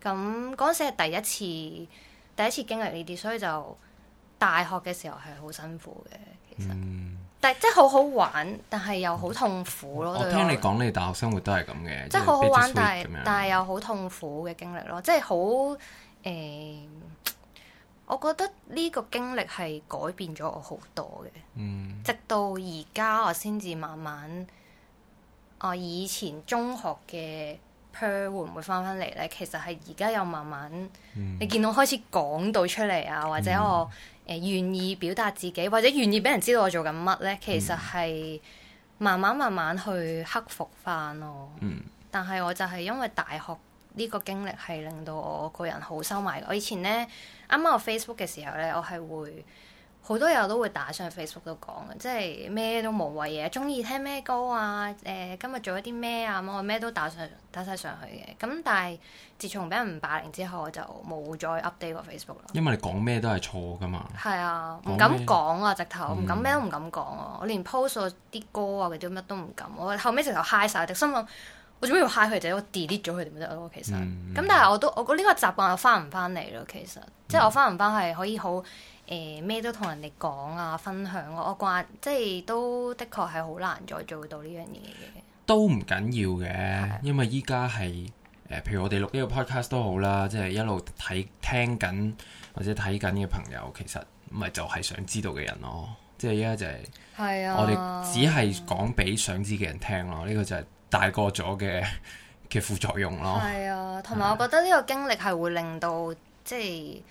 咁嗰陣時係第一次，第一次經歷呢啲，所以就大學嘅時候係好辛苦嘅。其實，嗯、但即係好好玩，但係又好痛苦咯。嗯、我聽你講你大學生活都係咁嘅，即係好好玩，但係但係又好痛苦嘅經歷咯，即係好誒。欸我覺得呢個經歷係改變咗我好多嘅，嗯、直到而家我先至慢慢，我、啊、以前中學嘅 Per 會唔會翻返嚟呢？其實係而家又慢慢，嗯、你見到開始講到出嚟啊，或者我誒、嗯呃、願意表達自己，或者願意俾人知道我做緊乜呢？其實係慢慢慢慢去克服翻咯。嗯、但係我就係因為大學。呢個經歷係令到我個人好收埋。我以前呢，啱啱我 Facebook 嘅時候呢，我係會好多嘢我都會打上去 Facebook 度講嘅，即係咩都冇謂嘅，中意聽咩歌啊，誒、呃，今日做一啲咩啊，乜乜咩都打上打曬上去嘅。咁但係自從俾人唔霸凌之後，我就冇再 update 過 Facebook 啦。因為你講咩都係錯㗎嘛。係啊，唔敢講啊，直頭唔敢咩都唔敢講啊。嗯、我連 post 咗啲歌啊嗰啲乜都唔敢。我後尾直頭 high 曬，直心諗。我主要要揩佢就是，我 delete 咗佢哋咪得咯。其實，咁、嗯、但係我都我呢個習慣，又翻唔翻嚟咯。其實，嗯、即係我翻唔翻係可以好誒，咩、呃、都同人哋講啊，分享、啊、我我慣，即係都的確係好難再做到呢樣嘢嘅。都唔緊要嘅，的因為依家係誒，譬如我哋錄呢個 Podcast 都好啦，即、就、係、是、一路睇聽緊或者睇緊嘅朋友，其實唔係就係想知道嘅人咯。即係依家就係、是，的我哋只係講俾想知嘅人聽咯。呢、這個就係、是。大個咗嘅嘅副作用咯，係啊，同埋我覺得呢個經歷係會令到、嗯、即係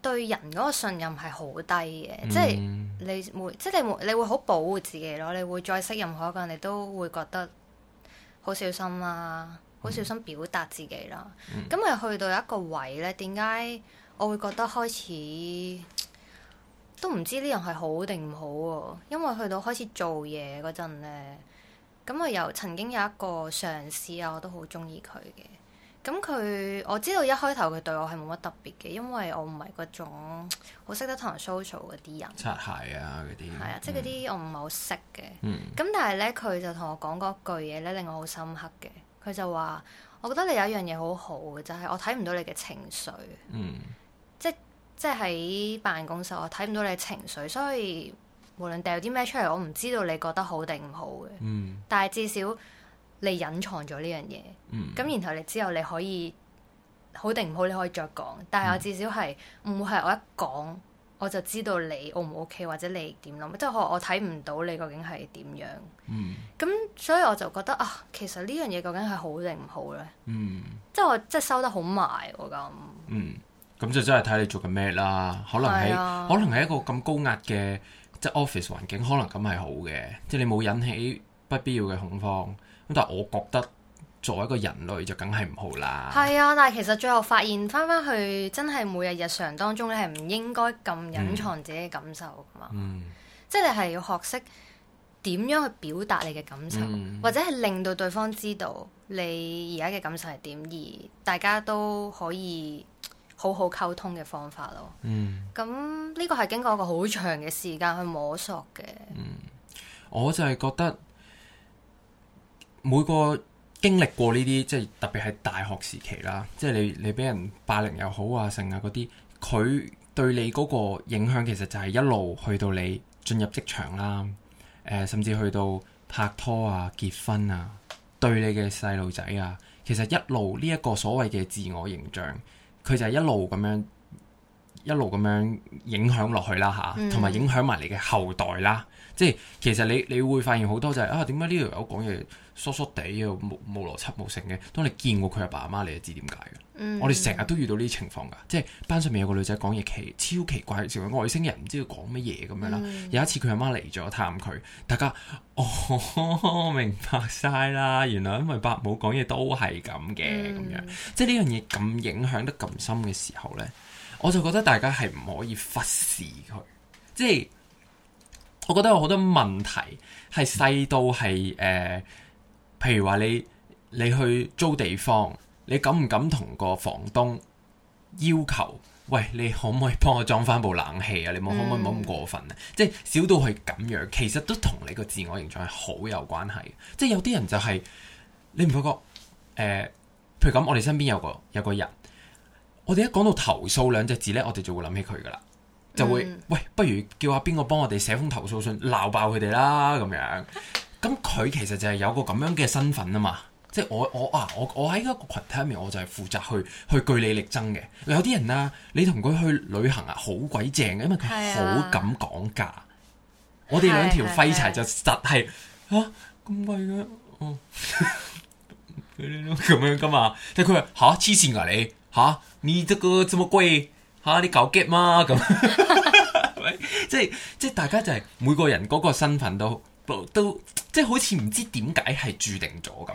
對人嗰個信任係好低嘅、嗯，即係你會即係你會你會好保護自己咯，你會再識任何一個人，你都會覺得好小心啦、啊，好、嗯、小心表達自己啦。咁啊、嗯、去到一個位呢，點解我會覺得開始都唔知呢樣係好定唔好、啊？因為去到開始做嘢嗰陣呢。咁我由曾經有一個上司啊，我都好中意佢嘅。咁佢我知道一開頭佢對我係冇乜特別嘅，因為我唔係嗰種好識得同人 social 嗰啲人。擦鞋啊啲，係啊，嗯、即係嗰啲我唔係好識嘅。咁、嗯、但係咧，佢就同我講嗰句嘢咧，令我好深刻嘅。佢就話：我覺得你有一樣嘢好好嘅，就係、是、我睇唔到你嘅情緒。嗯、即係即係喺辦公室我睇唔到你嘅情緒，所以。無論掉啲咩出嚟，我唔知道你覺得好定唔好嘅。嗯。但係至少你隱藏咗呢樣嘢。咁、嗯、然後你之後你可以好定唔好，你可以再講。但係我至少係唔會係我一講我就知道你 O 唔 O K 或者你點諗，即係我、我、我睇唔到你究竟係點樣。咁、嗯、所以我就覺得啊，其實呢樣嘢究竟係好定唔好咧？嗯。即係我即係收得好埋喎咁。我嗯。咁就真係睇你做緊咩啦。可能係係、啊、可能係一個咁高壓嘅。即 office 環境可能咁係好嘅，即係你冇引起不必要嘅恐慌。咁但係我覺得作為一個人類就梗係唔好啦。係啊，但係其實最後發現翻翻去真係每日日常當中，你係唔應該咁隱藏自己嘅感受噶嘛。即係你係要學識點樣去表達你嘅感受，嗯、或者係令到對方知道你而家嘅感受係點，而大家都可以好好溝通嘅方法咯。嗯，咁呢個係經過一個好長嘅時間去摸索嘅。嗯，我就係覺得每個經歷過呢啲，即係特別係大學時期啦，即係你你俾人霸凌又好啊，成日嗰啲，佢對你嗰個影響其實就係一路去到你進入職場啦，誒、呃，甚至去到拍拖啊、結婚啊，對你嘅細路仔啊，其實一路呢一個所謂嘅自我形象。佢就係一路咁樣。一路咁樣影響落去啦吓，同、啊、埋影響埋你嘅後代啦。嗯、即係其實你你會發現好多就係、是、啊，點解呢條友講嘢疏疏地又冇冇邏輯冇性嘅？當你見過佢阿爸阿媽，你就知點解嘅。嗯、我哋成日都遇到呢啲情況噶，即係班上面有個女仔講嘢奇超奇怪，似外星人，唔知佢講乜嘢咁樣啦。嗯、有一次佢阿媽嚟咗探佢，大家哦，明白晒啦，原來因為伯母講嘢都係咁嘅咁樣。即係呢樣嘢咁影響得咁深嘅時候咧。我就覺得大家係唔可以忽視佢，即係我覺得有好多問題係細到係誒、呃，譬如話你你去租地方，你敢唔敢同個房東要求？喂，你可唔可以幫我裝翻部冷氣啊？你冇可唔可以冇咁過分啊？嗯、即係少到係咁樣，其實都同你個自我形象係好有關係。即係有啲人就係、是、你唔覺覺、呃、譬如咁，我哋身邊有個有個人。我哋一講到投訴兩隻字咧，我哋就會諗起佢噶啦，就會、嗯、喂，不如叫阿邊個幫我哋寫封投訴信，鬧爆佢哋啦咁樣。咁佢其實就係有個咁樣嘅身份啊嘛，即係我我啊，我我喺一個群體入面，我就係負責去去據理力爭嘅。有啲人啦、啊，你同佢去旅行啊，好鬼正嘅，因為佢好敢講價。是啊、我哋兩條廢柴就實係吓咁鬼嘅哦，咁是、啊啊、 [laughs] 樣噶嘛？即係佢話吓黐線噶你吓。你得個咁貴吓，你搞激嘛咁？即係即係大家就係每個人嗰個身份都都即係、就是、好似唔知點解係注定咗咁，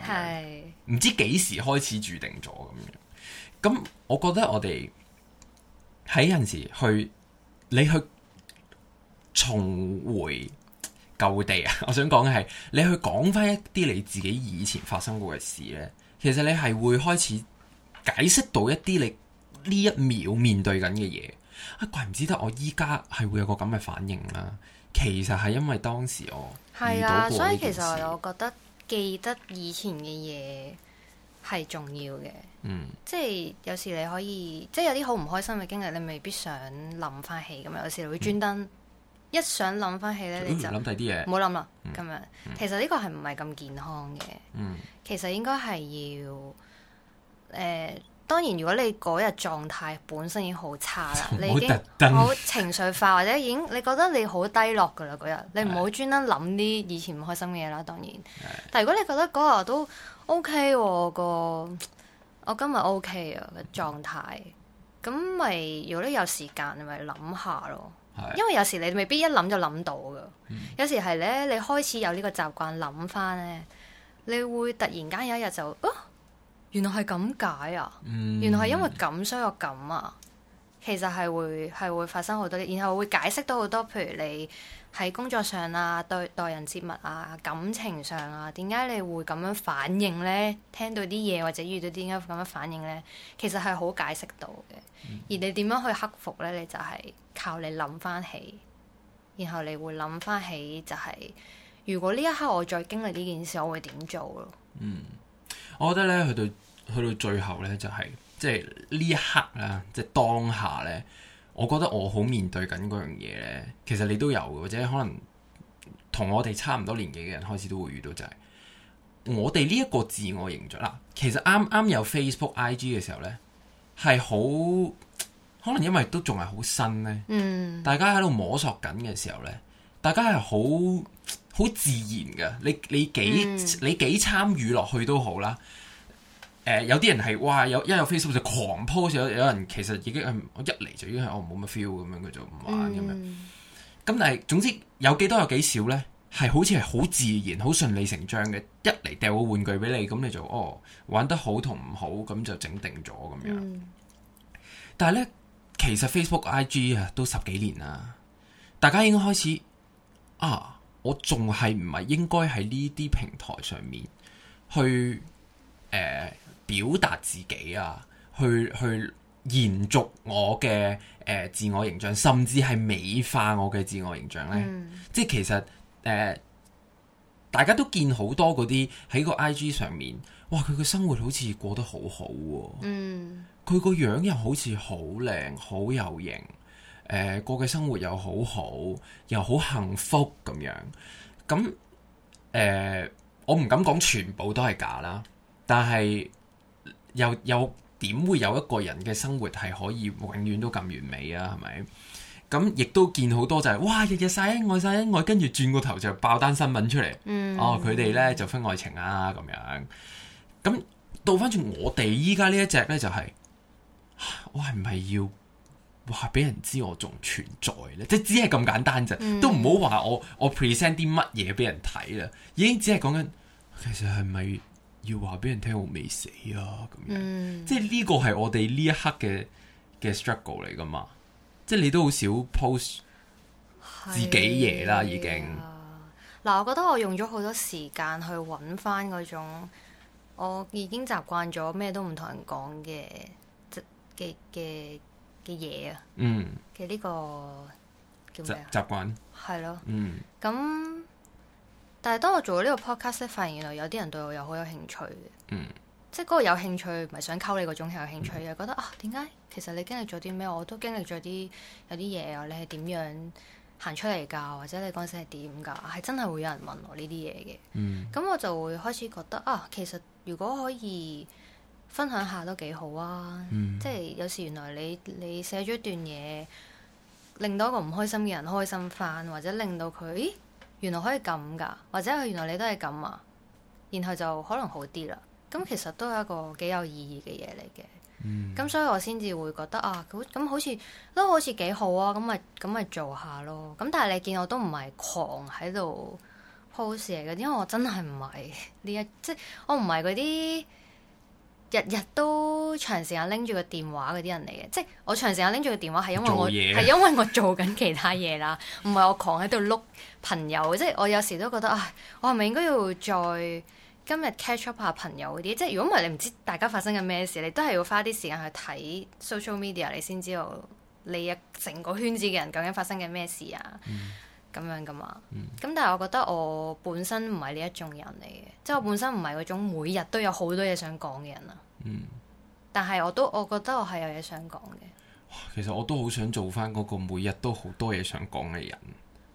唔是知幾時開始注定咗咁樣。咁我覺得我哋喺有時去你去重回舊地啊！我想講嘅係你去講翻一啲你自己以前發生過嘅事咧，其實你係會開始解釋到一啲你呢一秒面對緊嘅嘢，啊怪唔知得我依家係會有個咁嘅反應啦、啊。其實係因為當時我遇到、啊、所以其實我覺得記得以前嘅嘢係重要嘅。嗯，即係有時你可以，即係有啲好唔開心嘅經歷，你未必想諗翻起咁。有時你會專登一想諗翻起咧，嗯、你就諗第啲嘢，唔好諗啦。咁、嗯、樣其實呢個係唔係咁健康嘅。嗯，其實應該係要誒。呃當然，如果你嗰日狀態本身已經好差啦，別 你已經好情緒化 [laughs] 或者已經你覺得你好低落噶啦嗰日，你唔好專登諗啲以前唔開心嘅嘢啦。當然，的但如果你覺得嗰日都 OK、個，我今日 OK 啊、個狀態，咁咪如果你有時間咪諗下咯。的因為有時你未必一諗就諗到噶，嗯、有時係咧你開始有呢個習慣諗翻咧，你會突然間有一日就。哦。原來係咁解啊！嗯、原來係因為咁，所以我咁啊。其實係會係會發生好多啲，然後會解釋到好多。譬如你喺工作上啊，對待，待人接物啊，感情上啊，點解你會咁樣反應呢？聽到啲嘢或者遇到啲點解咁樣反應呢？其實係好解釋到嘅。嗯、而你點樣去克服呢？你就係靠你諗翻起，然後你會諗翻起就係、係，如果呢一刻我再經歷呢件事，我會點做咯、嗯？我覺得咧，佢對。去到最後呢，就係、是、即係呢一刻啦，即係當下呢，我覺得我好面對緊嗰樣嘢呢。其實你都有嘅，或者可能同我哋差唔多年紀嘅人開始都會遇到、就是，就係我哋呢一個自我形象啦。其實啱啱有 Facebook、IG 嘅時候呢，係好可能因為都仲係好新呢。嗯，大家喺度摸索緊嘅時候呢，大家係好好自然㗎。你你幾、嗯、你幾參與落去都好啦。誒、呃、有啲人係哇，有一有 Facebook 就狂 po 有，有人其實已經一嚟就已經係我冇乜 feel 咁樣，佢就唔玩咁樣。咁、嗯、但係總之有幾多有幾少咧，係好似係好自然、好順理成章嘅。一嚟掉個玩具俾你，咁你就哦，玩得好同唔好，咁就整定咗咁樣。嗯、但係咧，其實 Facebook、IG 啊都十幾年啦，大家應該開始啊，我仲係唔係應該喺呢啲平台上面去誒？呃表達自己啊，去去延續我嘅誒、呃、自我形象，甚至係美化我嘅自我形象呢。Mm. 即係其實誒、呃，大家都見好多嗰啲喺個 IG 上面，哇！佢個生活好似過得好好，啊，嗯，佢個樣又好似好靚，好有型，誒、呃，過嘅生活又好好，又好幸福咁樣。咁誒、呃，我唔敢講全部都係假啦，但係。又又點會有一個人嘅生活係可以永遠都咁完美啊？係咪？咁亦都見好多就係、是、哇，日日晒恩愛晒恩愛，愛，愛，愛，跟住轉個頭就爆單新聞出嚟。嗯、哦，佢哋呢就分愛情啊咁樣。咁倒翻轉我哋依家呢一隻呢，就係、是，我係咪要話俾人知我仲存在呢？即只係咁簡單啫，嗯、都唔好話我我 present 啲乜嘢俾人睇啦。已經只係講緊其實係咪？要話俾人聽我未死啊，咁樣、嗯，即係呢個係我哋呢一刻嘅嘅 struggle 嚟㗎嘛。即係你都好少 post 自己嘢啦，啊、已經。嗱、啊，我覺得我用咗好多時間去揾翻嗰種，我已經習慣咗咩都唔同人講嘅嘅嘅嘅嘢啊。嗯。嘅呢、這個叫咩啊？習慣。係咯。的嗯。咁、嗯。但係當我做咗呢個 Podcast 咧，發現原來有啲人對我又好有興趣嘅，嗯、即係嗰個有興趣，唔係想溝你嗰種，係有興趣、嗯、又覺得啊，點解其實你經歷咗啲咩？我都經歷咗啲有啲嘢啊！你係點樣行出嚟噶？或者你嗰陣時係點噶？係真係會有人問我呢啲嘢嘅，咁、嗯、我就會開始覺得啊，其實如果可以分享下都幾好啊！嗯、即係有時原來你你寫咗段嘢，令到一個唔開心嘅人開心翻，或者令到佢。原來可以咁噶，或者佢原來你都係咁啊，然後就可能好啲啦。咁其實都係一個幾有意義嘅嘢嚟嘅。咁、嗯嗯、所以我先至會覺得啊，好咁好似都好似幾好啊，咁咪咁咪做下咯。咁但係你見我都唔係狂喺度 pose 嚟嘅，因為我真係唔係呢一，即 [laughs] 係、即係、我唔係嗰啲。日日都長時間拎住個電話嗰啲人嚟嘅，即係我長時間拎住個電話係因為我係事、啊、因為我做緊其他嘢啦，唔係我狂喺度碌朋友，即係我有時都覺得啊，我係咪應該要再今日 catch up 下朋友嗰啲？即係如果唔係你唔知大家發生緊咩事，你都係要花啲時間去睇 social media，你先知道你一整個圈子嘅人究竟發生緊咩事啊？咁、嗯、樣噶嘛。咁、嗯、但係我覺得我本身唔係呢一種人嚟嘅，即係我本身唔係嗰種每日都有好多嘢想講嘅人啊。嗯，但係我都我覺得我係有嘢想講嘅。其實我都好想做翻嗰個每日都好多嘢想講嘅人，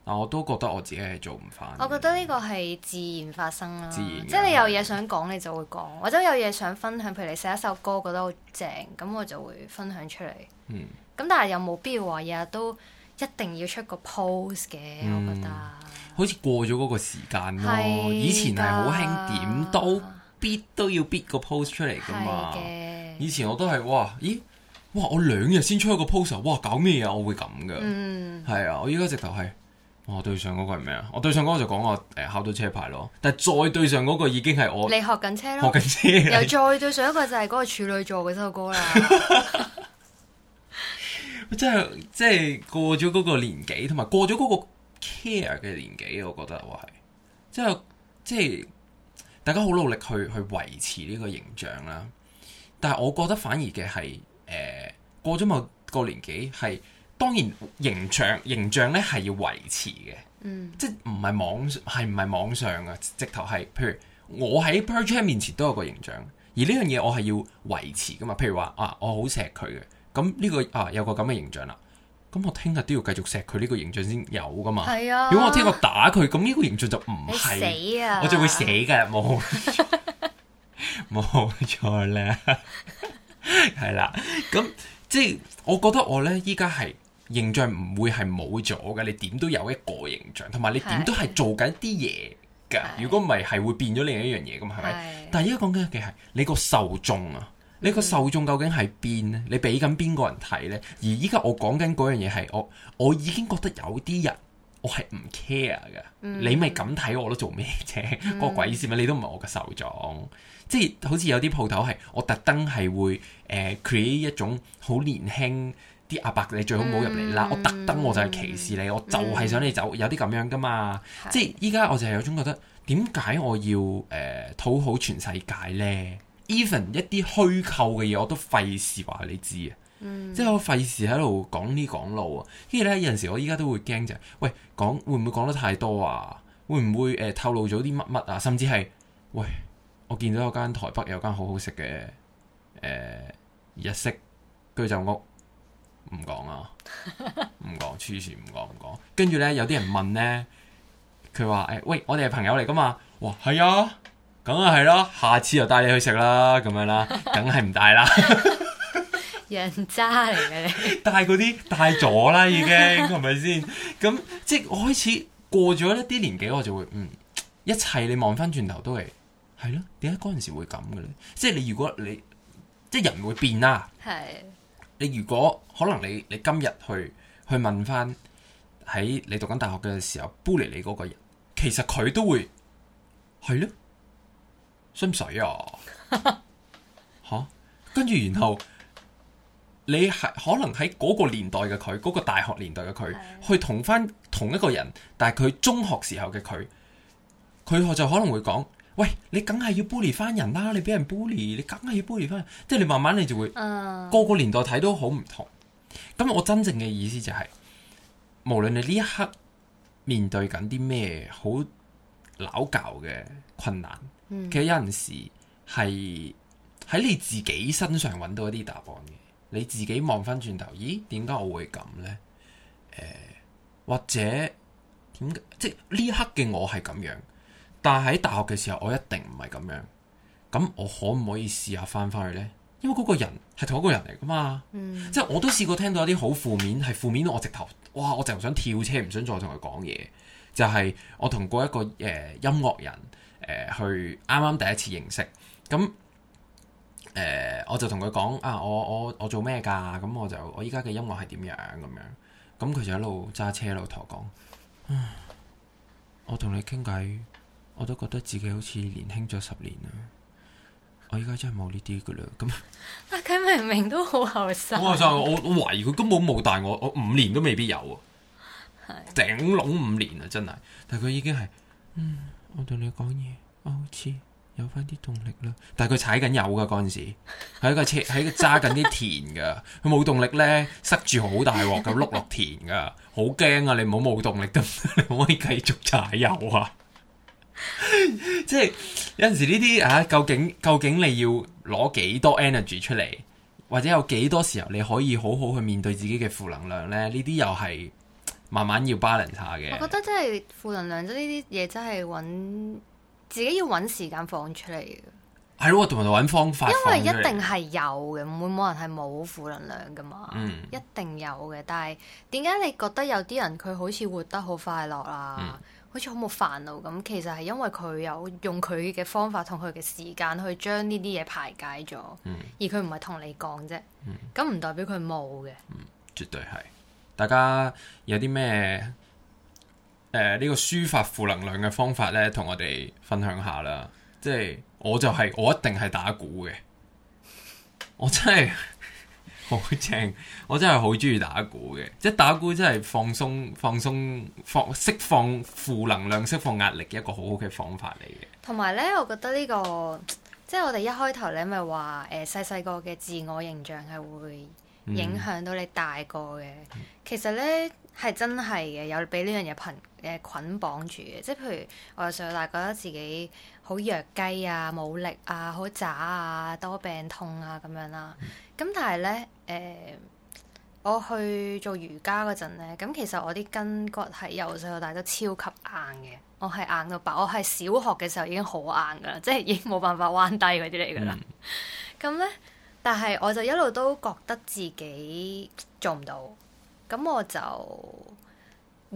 但我都覺得我自己係做唔翻。我覺得呢個係自然發生啦、啊，然即係你有嘢想講你就會講，嗯、或者有嘢想分享，譬如你寫一首歌覺得好正，咁我就會分享出嚟。嗯，咁但係又冇必要話日日都一定要出個 post 嘅，我覺得。嗯、好似過咗嗰個時間咯，的以前係好興點都。必都要 bid 個 post 出嚟㗎嘛？是的 以前我都係哇，咦，哇，我兩日先出一個 post，哇，搞咩啊？我會咁㗎，係啊、嗯，我依家直頭係，我對上嗰個係咩啊？我對上嗰個就講我誒、欸、考到車牌咯，但係再對上嗰個已經係我你學緊車咯，學緊車，又再對上一個就係嗰個處女座嗰首歌啦。真係，即係過咗嗰個年紀，同埋過咗嗰個 care 嘅年紀，我覺得我係，即係，即係。即大家好努力去去維持呢個形象啦，但係我覺得反而嘅係，誒、呃、過咗某個年紀係，當然形象形象咧係要維持嘅，嗯，即係唔係網係唔係網上嘅，是是上直頭係，譬如我喺 Perchan 面前都有個形象，而呢樣嘢我係要維持噶嘛，譬如話啊，我好錫佢嘅，咁呢、個啊有個咁嘅形象啦。咁我聽日都要繼續錫佢呢個形象先有噶嘛？係啊、如果我聽日打佢，咁呢個形象就唔係，死啊、我就會死噶，冇冇錯咧？係啦， [laughs] [laughs] [laughs] [laughs] 咁即係我覺得我咧依家係形象唔會係冇咗嘅，你點都有一個形象，同埋你點都係做緊啲嘢噶。如果唔係，係會變咗另一樣嘢噶嘛？係咪？的但係依家講緊嘅係你個受眾啊。你個受眾究竟係邊咧？你俾緊邊個人睇呢？而依家我講緊嗰樣嘢係我，我已經覺得有啲人我係唔 care 㗎。嗯、你咪咁睇我都做咩啫？嗯、 [laughs] 個鬼意思咩？你都唔係我嘅受眾，即係好似有啲鋪頭係我特登係會誒、呃、create 一種好年輕啲阿、啊、伯，你最好唔好入嚟啦。嗯、我特登我就係歧視你，嗯、我就係想你走。有啲咁樣噶嘛，的即係依家我就係有種覺得，點解我要誒討好全世界呢？even 一啲虛構嘅嘢我都費事話你知嘅，嗯、即係我費事喺度講呢講路啊。跟住咧有陣時我依家都會驚就係，喂，講會唔會講得太多啊？會唔會誒、呃、透露咗啲乜乜啊？甚至係，喂，我見到有間台北有間好好食嘅誒日式居酒屋，唔講啊，唔講，黐線，唔講唔講。跟住咧有啲人問咧，佢話誒，喂我哋係朋友嚟噶嘛？哇係啊！咁啊，係咯，下次就帶你去食啦，咁樣啦，梗係唔帶啦，人 [laughs] 渣嚟嘅你，帶嗰啲帶咗啦，已經係咪先？咁 [laughs] 即係我開始過咗一啲年紀，我就會嗯，一切你望翻轉頭都係係咯，點解嗰陣時會咁嘅咧？即係你如果你，你即係人會變啦、啊，係的你如果可能你你今日去去問翻喺你讀緊大學嘅時候，搬嚟你嗰個人，其實佢都會係咯。順水 [laughs] 啊，吓，跟住然後你係可能喺嗰個年代嘅佢，嗰、那個大學年代嘅佢，的去同翻同一個人，但係佢中學時候嘅佢，佢就可能會講：喂，你梗係要 bully 翻人啦，啊！你俾人 bully，你梗係要 bully 翻，人。」即係你慢慢你就會個、嗯、個年代睇都好唔同。咁我真正嘅意思就係、是，無論你呢一刻面對緊啲咩好拗教嘅困難。其實有陣時係喺你自己身上揾到一啲答案嘅，你自己望翻轉頭，咦？點解我會咁呢？誒、呃，或者點即係呢一刻嘅我係咁樣，但係喺大學嘅時候，我一定唔係咁樣。咁我可唔可以試下翻翻去呢？因為嗰個人係同一個人嚟噶嘛，即係、嗯、我都試過聽到一啲好負面，係負面到我直頭，哇！我直頭想跳車，唔想再同佢講嘢。就係、是、我同過一個誒、呃、音樂人。誒，去啱啱第一次認識，咁誒、呃，我就同佢講啊，我我我做咩噶？咁我就我依家嘅音樂係點樣咁樣？咁佢就一路揸車，一路同我講，我同你傾偈，我都覺得自己好似年輕咗十年啊！我依家真係冇呢啲噶啦，咁啊，佢明明都好後生，我我懷疑佢根本冇大我，我五年都未必有，係頂籠五年啊，真係，但係佢已經係，嗯。我同你講嘢，我好似有翻啲動力啦。但係佢踩緊油噶嗰陣時，一個車喺揸緊啲田噶，佢冇 [laughs] 動力呢，塞住好大鑊咁碌落田噶，好驚啊！你唔好冇動力都唔 [laughs] 可以繼續踩油啊！即 [laughs] 係、 [laughs] 就是、有陣時呢啲啊，究竟究竟你要攞幾多 energy 出嚟，或者有幾多時候你可以好好去面對自己嘅負能量呢？呢啲又係。慢慢要巴 a 下嘅，我覺得真係負能量，咁呢啲嘢真係揾自己要揾時間放出嚟嘅。係咯，同埋揾方法。因為一定係有嘅，唔會冇人係冇負能量噶嘛。嗯、一定有嘅。但係點解你覺得有啲人佢好似活得快樂、啊嗯、好快樂啦，好似好冇煩惱咁？其實係因為佢有用佢嘅方法同佢嘅時間去將呢啲嘢排解咗，嗯、而佢唔係同你講啫。咁唔、嗯、代表佢冇嘅。嗯，絕對係。大家有啲咩誒呢個抒發負能量嘅方法呢？同我哋分享下啦。即係我就係、是、我一定係打鼓嘅，我真係好 [laughs] 正，我真係好中意打鼓嘅。即係打鼓真係放鬆、放鬆、放釋放負能量、釋放壓力嘅一個好好嘅方法嚟嘅。同埋呢，我覺得呢、呢個即係我哋一開頭你咪話誒細細個嘅自我形象係會。影響到你大個嘅，其實咧係真係嘅，有俾呢樣嘢捆綁住嘅，即係譬如我由細到大覺得自己好弱雞啊、冇力啊、好渣啊、多病痛啊咁樣啦。咁但係咧，誒、呃，我去做瑜伽嗰陣咧，咁其實我啲筋骨係由細到大都超級硬嘅，我係硬到白，我係小學嘅時候已經好硬噶啦，即係已經冇辦法彎低嗰啲嚟噶啦。咁咧、嗯。 [laughs] 但係我就一路都覺得自己做唔到，咁我就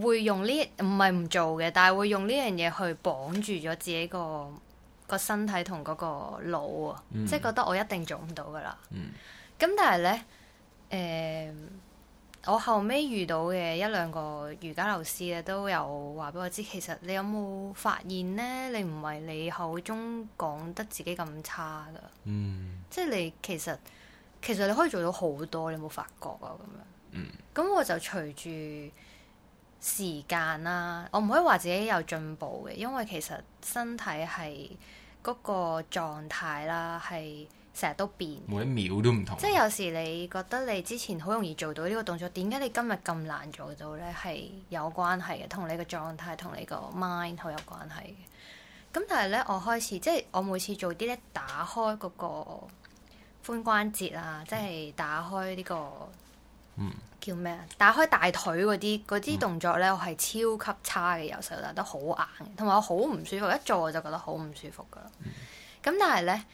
會用呢唔係唔做嘅，但係會用呢樣嘢去綁住咗自己個個身體同嗰個腦啊，嗯、即係覺得我一定做唔到噶啦。咁、嗯、但係呢。誒、呃。我後尾遇到嘅一兩個瑜伽老師咧，都有話俾我知，其實你有冇發現咧？你唔係你口中講得自己咁差噶，嗯，即係你其實其實你可以做到好多，你冇發覺啊？咁樣，嗯，咁我就隨住時間啦，我唔可以話自己有進步嘅，因為其實身體係嗰個狀態啦，係。成日都變，每一秒都唔同。即係有時你覺得你之前好容易做到呢個動作，點解你今日咁難做到呢？係有關係嘅，同你個狀態、同你個 mind 好有關係。咁但係呢，我開始即係我每次做啲咧，打開嗰個髖關節啊，嗯、即係打開呢、呢個、嗯、叫咩啊？打開大腿嗰啲嗰啲動作呢，嗯、我係超級差嘅，有時候覺得好硬，同埋我好唔舒服，一做我就覺得好唔舒服噶。咁、嗯、但係呢。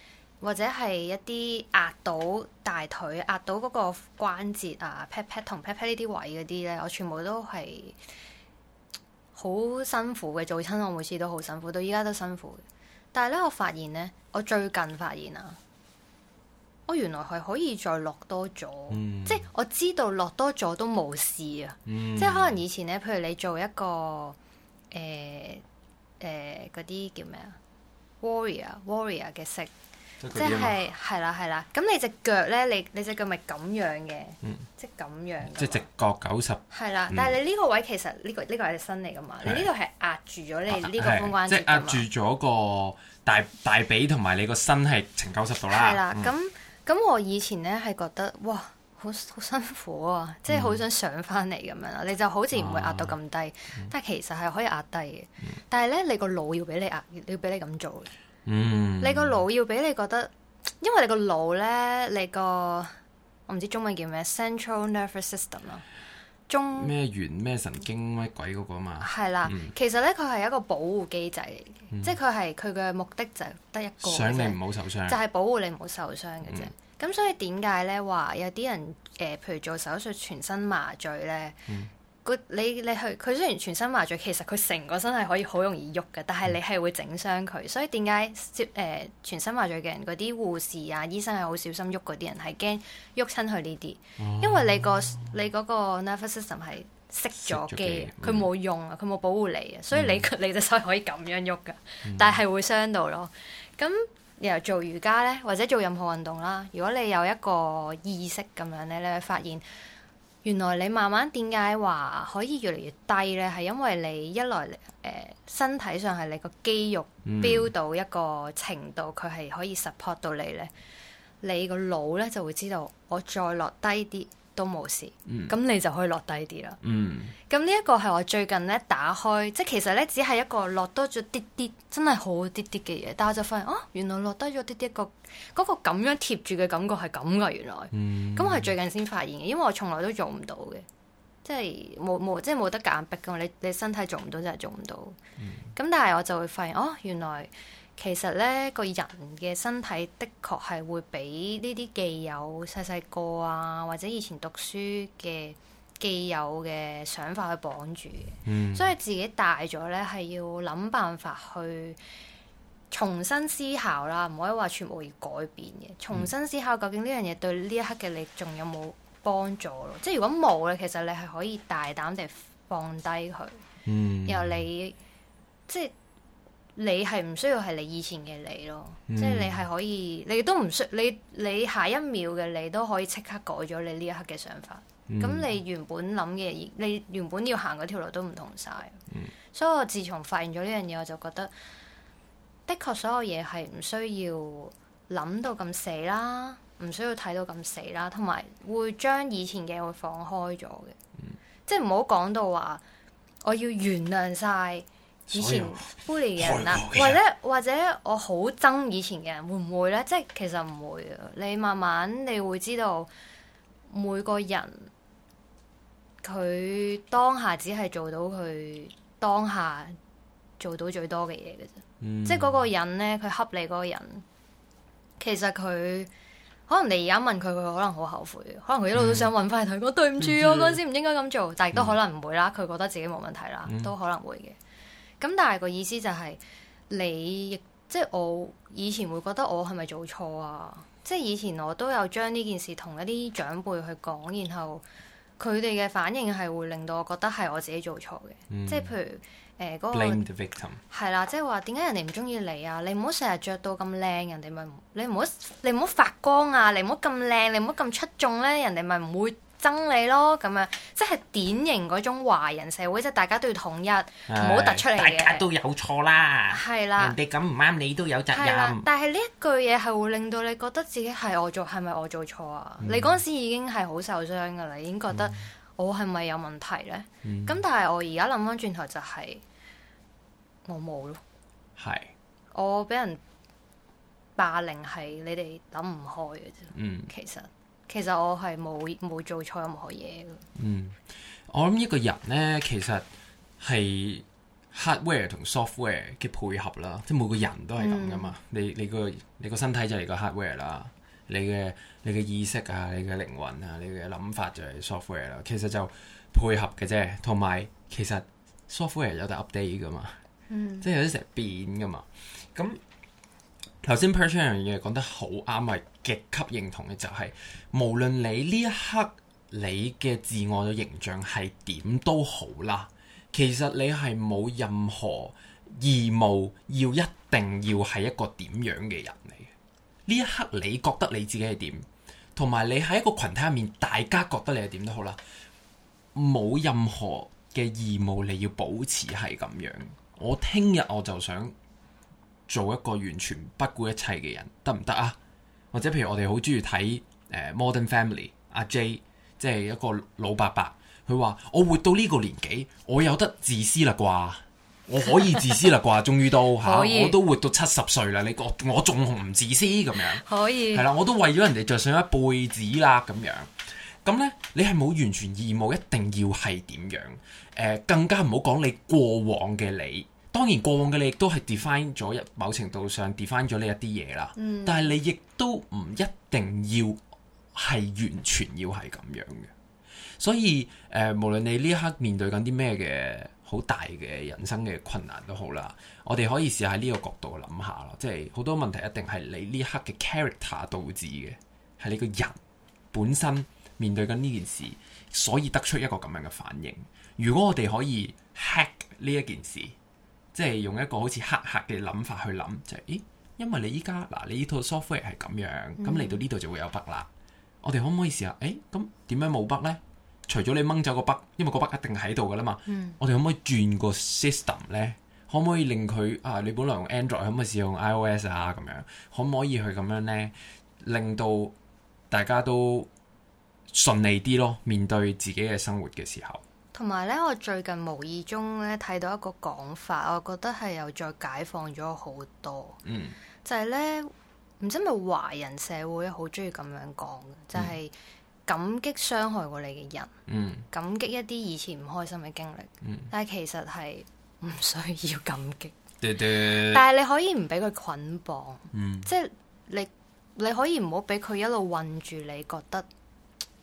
或者係一啲壓到大腿、壓到嗰個關節啊、pat pat 同 pat pat 呢啲位嗰啲咧，我全部都係好辛苦嘅。做親我每次都好辛苦，到依家都辛苦。但係咧，我發現咧，我最近發現啊，我原來係可以再落多咗，嗯、即係我知道落多咗都冇事啊。嗯、即係可能以前咧，譬如你做一個誒誒嗰啲叫咩啊 warrior warrior 嘅色。即係係啦係啦，咁你隻腳咧，你你隻腳咪咁樣嘅，即咁樣。即直角九十。係啦，但係你呢個位其實呢個呢個係你身嚟噶嘛，你呢度係壓住咗你呢個關節即壓住咗個大大髀同埋你個身係成九十度啦。係啦的，咁咁、嗯、我以前咧係覺得哇好好,好辛苦啊，即係好想上翻嚟咁樣啦，嗯、你就好似唔會壓到咁低，啊嗯、但係其實係可以壓低嘅，嗯、但係咧你個腦要俾你壓，要俾你咁做。嗯，你個腦要俾你覺得，因為你個腦咧，你個我唔知中文叫咩，Central Nervous System 啦，中咩元咩神經咩鬼嗰個嘛，係、嗯、啦，了嗯、其實咧佢係一個保護機制嚟嘅，嗯、即係佢係佢嘅目的就係得一個，想你唔好受傷，就係保護你唔好受傷嘅啫。咁、嗯、所以點解咧話有啲人誒、呃，譬如做手術全身麻醉咧？嗯佢你你去佢雖然全身麻醉，其實佢成個身係可以好容易喐嘅，但係你係會整傷佢。所以點解接誒全身麻醉嘅人，嗰啲護士啊、醫生係好小心喐嗰啲人，係驚喐親佢呢啲。哦、因為你、嗰個、哦、你嗰個 nervous system 係熄咗嘅，佢冇用啊，佢冇、嗯、保護你啊，所以你、嗯、你隻手可以咁樣喐噶，但係會傷到咯。咁然後做瑜伽咧，或者做任何運動啦，如果你有一個意識咁樣咧，你會發現。原來你慢慢點解話可以越嚟越低呢？係因為你一來誒、呃、身體上係你個肌肉 build 到一個程度，佢係可以 support 到你咧，你個腦呢，就會知道我再落低啲。都冇事，咁、嗯、你就可以落低啲啦。咁呢一個係我最近咧打開，即係其實咧只係一個落多咗啲啲，真係好啲啲嘅嘢。但係我就發現哦、啊，原來落低咗啲啲，個嗰、那個咁樣貼住嘅感覺係咁噶，原來。咁我係、嗯、最近先發現嘅，因為我從來都做唔到嘅，即係冇冇，即係冇得夾硬逼噶。你你身體做唔到真係做唔到。咁、嗯、但係我就會發現哦、啊，原來。其實咧，個人嘅身體的確係會俾呢啲既有細細個啊，或者以前讀書嘅既有嘅想法去綁住嘅，嗯、所以自己大咗咧，係要諗辦法去重新思考啦，唔可以話全部要改變嘅。重新思考究竟呢樣嘢對呢一刻嘅你仲有冇幫助咯？即係如果冇咧，其實你係可以大膽地放低佢，嗯、然後你即係。你係唔需要係你以前嘅你咯，嗯、即係你係可以，你都唔需你你下一秒嘅你都可以即刻改咗你呢一刻嘅想法，咁、嗯、你原本諗嘅，你原本要行嗰條路都唔同晒，嗯、所以我自從發現咗呢樣嘢，我就覺得的確所有嘢係唔需要諗到咁死啦，唔需要睇到咁死啦，同埋會將以前嘅會放開咗嘅，嗯、即係唔好講到話我要原諒晒。以前負離嘅人啊，或者或者我好憎以前嘅人，會唔會咧？即係其實唔會啊！你慢慢你會知道每個人佢當下只係做到佢當下做到最多嘅嘢嘅啫。嗯、即係嗰個人咧，佢恰你嗰個人，其實佢可能你而家問佢，佢可能好後悔，可能佢一路都想揾翻佢同我對唔住我嗰陣時唔應該咁做，但係都可能唔會啦。佢覺得自己冇問題啦，嗯、都可能會嘅。咁但係個意思就係、是、你亦即係我以前會覺得我係咪做錯啊？即係以前我都有將呢件事同一啲長輩去講，然後佢哋嘅反應係會令到我覺得係我自己做錯嘅。即係譬如誒嗰個係啦，即係話，點解人哋唔中意你啊？你唔好成日着到咁靚，人哋咪你唔好你唔好發光啊！你唔好咁靚，你唔好咁出眾咧、啊，人哋咪唔會。憎你咯咁樣，即係典型嗰種華人社會，即係大家都要統一，唔好突出嚟。大家都有錯啦，係啦，人哋咁唔啱，你都有責任。但係呢一句嘢係會令到你覺得自己係我做，係咪我做錯啊？嗯、你嗰陣時已經係好受傷㗎啦，已經覺得我係咪有問題呢？咁、嗯、但係我而家諗翻轉頭就係、係、我冇咯，係，係我俾人霸凌係你哋諗唔開嘅啫，嗯，其實。嗯。其實我係冇冇做錯任何嘢嘅。嗯，我諗一個人咧，其實係 hardware 同 software 嘅配合啦，即每個人都係咁噶嘛。嗯、你你個你個身體就係個 hardware 啦，你嘅你嘅意識啊，你嘅靈魂啊，你嘅諗法就係 software 啦。其實就配合嘅啫，同埋其實 software 有得 update 噶嘛，嗯，即有啲成日變噶嘛，咁。頭先 percussion 樣嘢講得好啱，係極級認同嘅，就係，就係無論你呢一刻你嘅自我嘅形象係點都好啦，其實你係冇任何義務要一定要係一個點樣嘅人嚟。呢一刻你覺得你自己係點，同埋你喺一個群體入面，大家覺得你係點都好啦，冇任何嘅義務你要保持係咁樣。我聽日我就想。做一個完全不顧一切嘅人得唔得啊？或者譬如我哋好中意睇《誒、呃、Modern Family》，阿 J 即係一個老伯伯，佢話我活到呢個年紀，我有得自私啦啩，我可以自私啦啩， [laughs] 終於都吓，啊、以我都活到七十歲啦，你我仲唔自私咁樣？可以係啦，我都為咗人哋着想一輩子啦，咁樣咁呢？你係冇完全義務一定要係點樣？誒、呃，更加唔好講你過往嘅你。當然，過往嘅你亦都係 define 咗一某程度上 define 咗呢一啲嘢啦。嗯、但係你亦都唔一定要係完全要係咁樣嘅。所以誒、呃，無論你呢一刻面對緊啲咩嘅好大嘅人生嘅困難都好啦，我哋可以試下喺呢個角度諗下咯。即係好多問題一定係你呢刻嘅 character 導致嘅，係你個人本身面對緊呢件事，所以得出一個咁樣嘅反應。如果我哋可以 hack 呢一件事。即係用一個好似黑客嘅諗法去諗，就係、是、咦、欸，因為你依家嗱，你呢套 software 係咁樣，咁嚟、嗯、到呢度就會有筆啦。我哋可唔可以試下？誒、欸，咁點解冇筆呢？除咗你掹走個筆，因為個筆一定喺度噶啦嘛。嗯、我哋可唔可以轉個 system 呢？可唔可以令佢啊？你本來用 Android，可唔可以試用 iOS 啊？咁樣可唔可以去咁樣呢？令到大家都順利啲咯，面對自己嘅生活嘅時候。同埋咧，我最近無意中咧睇到一個講法，我覺得係又再解放咗好多。嗯，就係咧，唔知係咪華人社會好中意咁樣講嘅，嗯、就係感激傷害過你嘅人。嗯，感激一啲以前唔開心嘅經歷。嗯、但係其實係唔需要感激。呃、呃、但係你可以唔俾佢捆綁。即係、嗯、你你可以唔好俾佢一路困住你，覺得。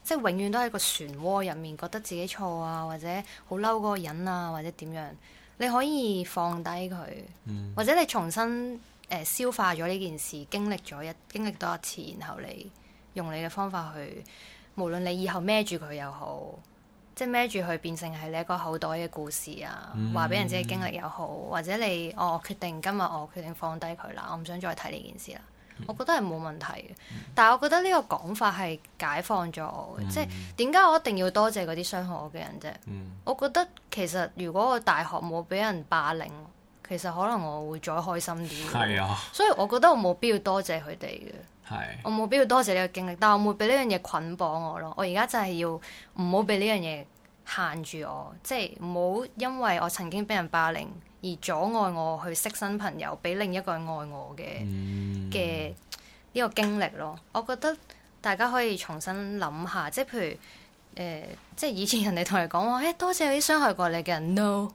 即係永遠都喺個漩渦入面，覺得自己錯啊，或者好嬲嗰個人啊，或者點樣？你可以放低佢，嗯、或者你重新誒、呃、消化咗呢件事，經歷咗一經歷多一次，然後你用你嘅方法去，無論你以後孭住佢又好，即係孭住佢變成係你一個口袋嘅故事啊，話俾、嗯、人知嘅經歷又好，或者你、哦、我決定今日我決定放低佢啦，我唔想再睇呢件事啦。我覺得係冇問題嘅，但係我覺得呢個講法係解放咗我嘅，嗯、即係點解我一定要多謝嗰啲傷害我嘅人啫？嗯、我覺得其實如果我大學冇俾人霸凌，其實可能我會再開心啲。係啊，所以我覺得我冇必要多謝佢哋嘅。係是，我冇必要多謝呢個經歷，但我冇俾呢樣嘢捆綁我咯。我而家就係要唔好俾呢樣嘢限住我，即係唔好因為我曾經俾人霸凌。而阻礙我去識新朋友，俾另一個愛我嘅嘅呢個經歷咯。我覺得大家可以重新諗下，即係譬如誒、呃，即係以前人哋同你講話，誒、欸、多謝啲傷害過你嘅人。No，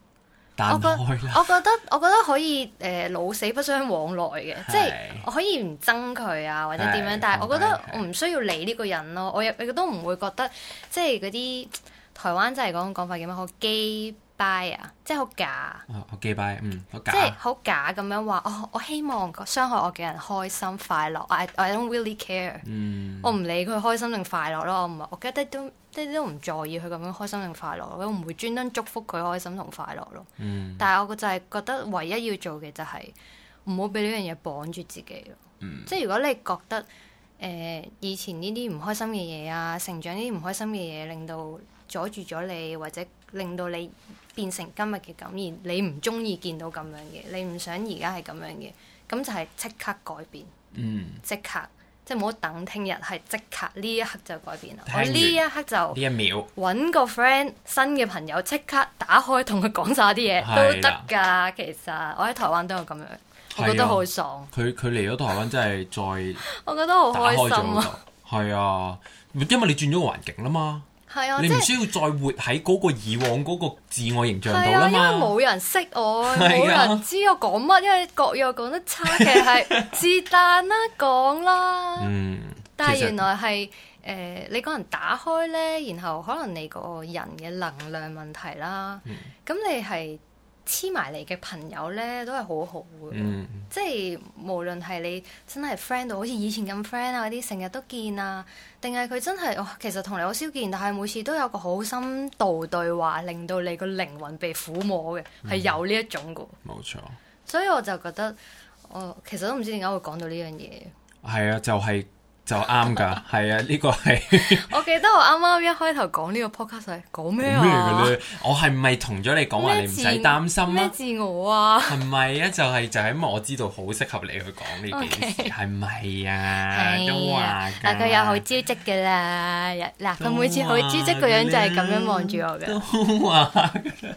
我覺得我覺得，我覺得可以誒、呃、老死不相往來嘅，即係我可以唔憎佢啊，或者點樣？ [laughs] [laughs] 但係我覺得我唔需要理呢個人咯，我亦都唔會覺得即係嗰啲台灣真係講講法叫乜好基。拜 u 啊，即係好假。我記拜，u y 嗯，好假即係好假咁樣話哦。我希望傷害我嘅人開心快樂 i, I don't really care、嗯我。我唔理佢開心定快樂咯，我唔，我一啲都，一啲都唔在意佢咁樣開心定快樂我唔會專登祝福佢開心同快樂咯。嗯、但係我就係覺得唯一要做嘅就係唔好俾呢樣嘢綁住自己咯。嗯、即係如果你覺得誒、呃、以前呢啲唔開心嘅嘢啊，成長呢啲唔開心嘅嘢令到阻住咗你，或者令到你。變成今日嘅感染，而你唔中意見到咁樣嘅，你唔想而家係咁樣嘅，咁就係即刻改變，嗯，即刻，即係唔好等聽日，係即刻呢一刻就改變啦。完我呢一刻就呢一秒揾個 friend 新嘅朋友，即刻打開同佢講晒啲嘢都得㗎。其實我喺台灣都有咁樣，我覺得好爽。佢佢嚟咗台灣真係 [laughs] 再、那個，我覺得好開心啊。係啊，因為你轉咗個環境啦嘛。係啊，你唔需要再活喺嗰個以往嗰個自我形象度啦嘛。因為冇、啊、人識我，冇人知我講乜，啊、因為各有講得差嘅係自彈、啊、啦，講啦。嗯，但係原來係誒、呃，你個人打開咧，然後可能你個人嘅能量問題啦。咁、嗯、你係。黐埋嚟嘅朋友呢都係好好嘅。嗯、即係無論係你真係 friend 到好似以前咁 friend 啊，嗰啲成日都見啊，定係佢真係哦，其實同你好少見，但係每次都有個好深度對話，令到你個靈魂被撫摸嘅，係、嗯、有呢一種嘅。冇錯。所以我就覺得，我、哦、其實都唔知點解會講到呢樣嘢。係啊，就係、是。就啱噶，係 [laughs] 啊，呢、呢個係。 [laughs] 我記得我啱啱一開頭講呢個 podcast 係講咩啊？我係咪同咗你講話你唔使擔心咩自我啊？係咪啊？就係就係因為我知道好適合你去講呢件事，係咪啊？ [laughs] 啊都話但佢又好招積嘅啦，嗱，佢每次好招積個樣就係咁樣望住我嘅。都話噶。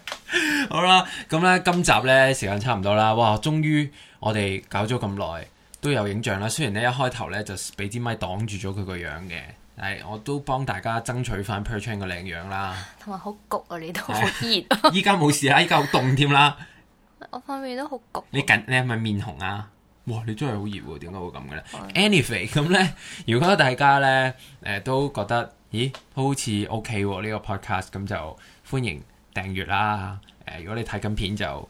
[laughs] 好啦，咁、嗯、咧今集咧時間差唔多啦，哇，終於我哋搞咗咁耐。都有影像啦，雖然咧一開頭咧就俾支咪擋住咗佢個樣嘅，但係我都幫大家爭取翻 Perchan 個靚樣啦，同埋好焗啊，你都好熱。依家冇事、啊、啦，依家好凍添啦。我塊面都好焗。你緊，你係咪面紅啊？哇，你真係好熱喎，點解會咁嘅咧？Anyway，咁咧，如果大家咧誒、呃、都覺得咦好似 OK 呢、啊這個 podcast，咁就歡迎訂閱啦。誒、呃，如果你睇緊片就。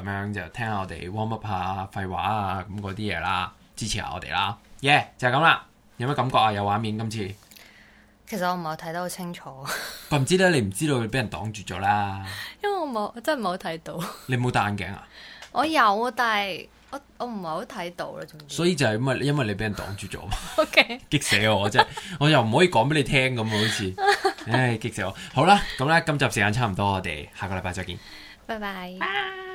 咁樣就聽下我哋 warm up 下，廢話啊，咁嗰啲嘢啦，支持下我哋啦，耶、yeah！就係咁啦，有咩感覺啊？有畫面今次？其實我唔係睇得好清楚。我唔知咧，你唔知道佢俾人擋住咗啦。因為我冇，真係冇睇到。你冇戴眼鏡啊？我有，但係我我唔係好睇到啦，所以就係咁啊，因為你俾人擋住咗嘛。Okay. [laughs] 激死我，我真係，我又唔可以講俾你聽咁， [laughs] 好似，唉、 [laughs] [laughs] 哎呃，激死我。好啦，咁咧，今集時間差唔多，我哋下個禮拜再見。拜拜。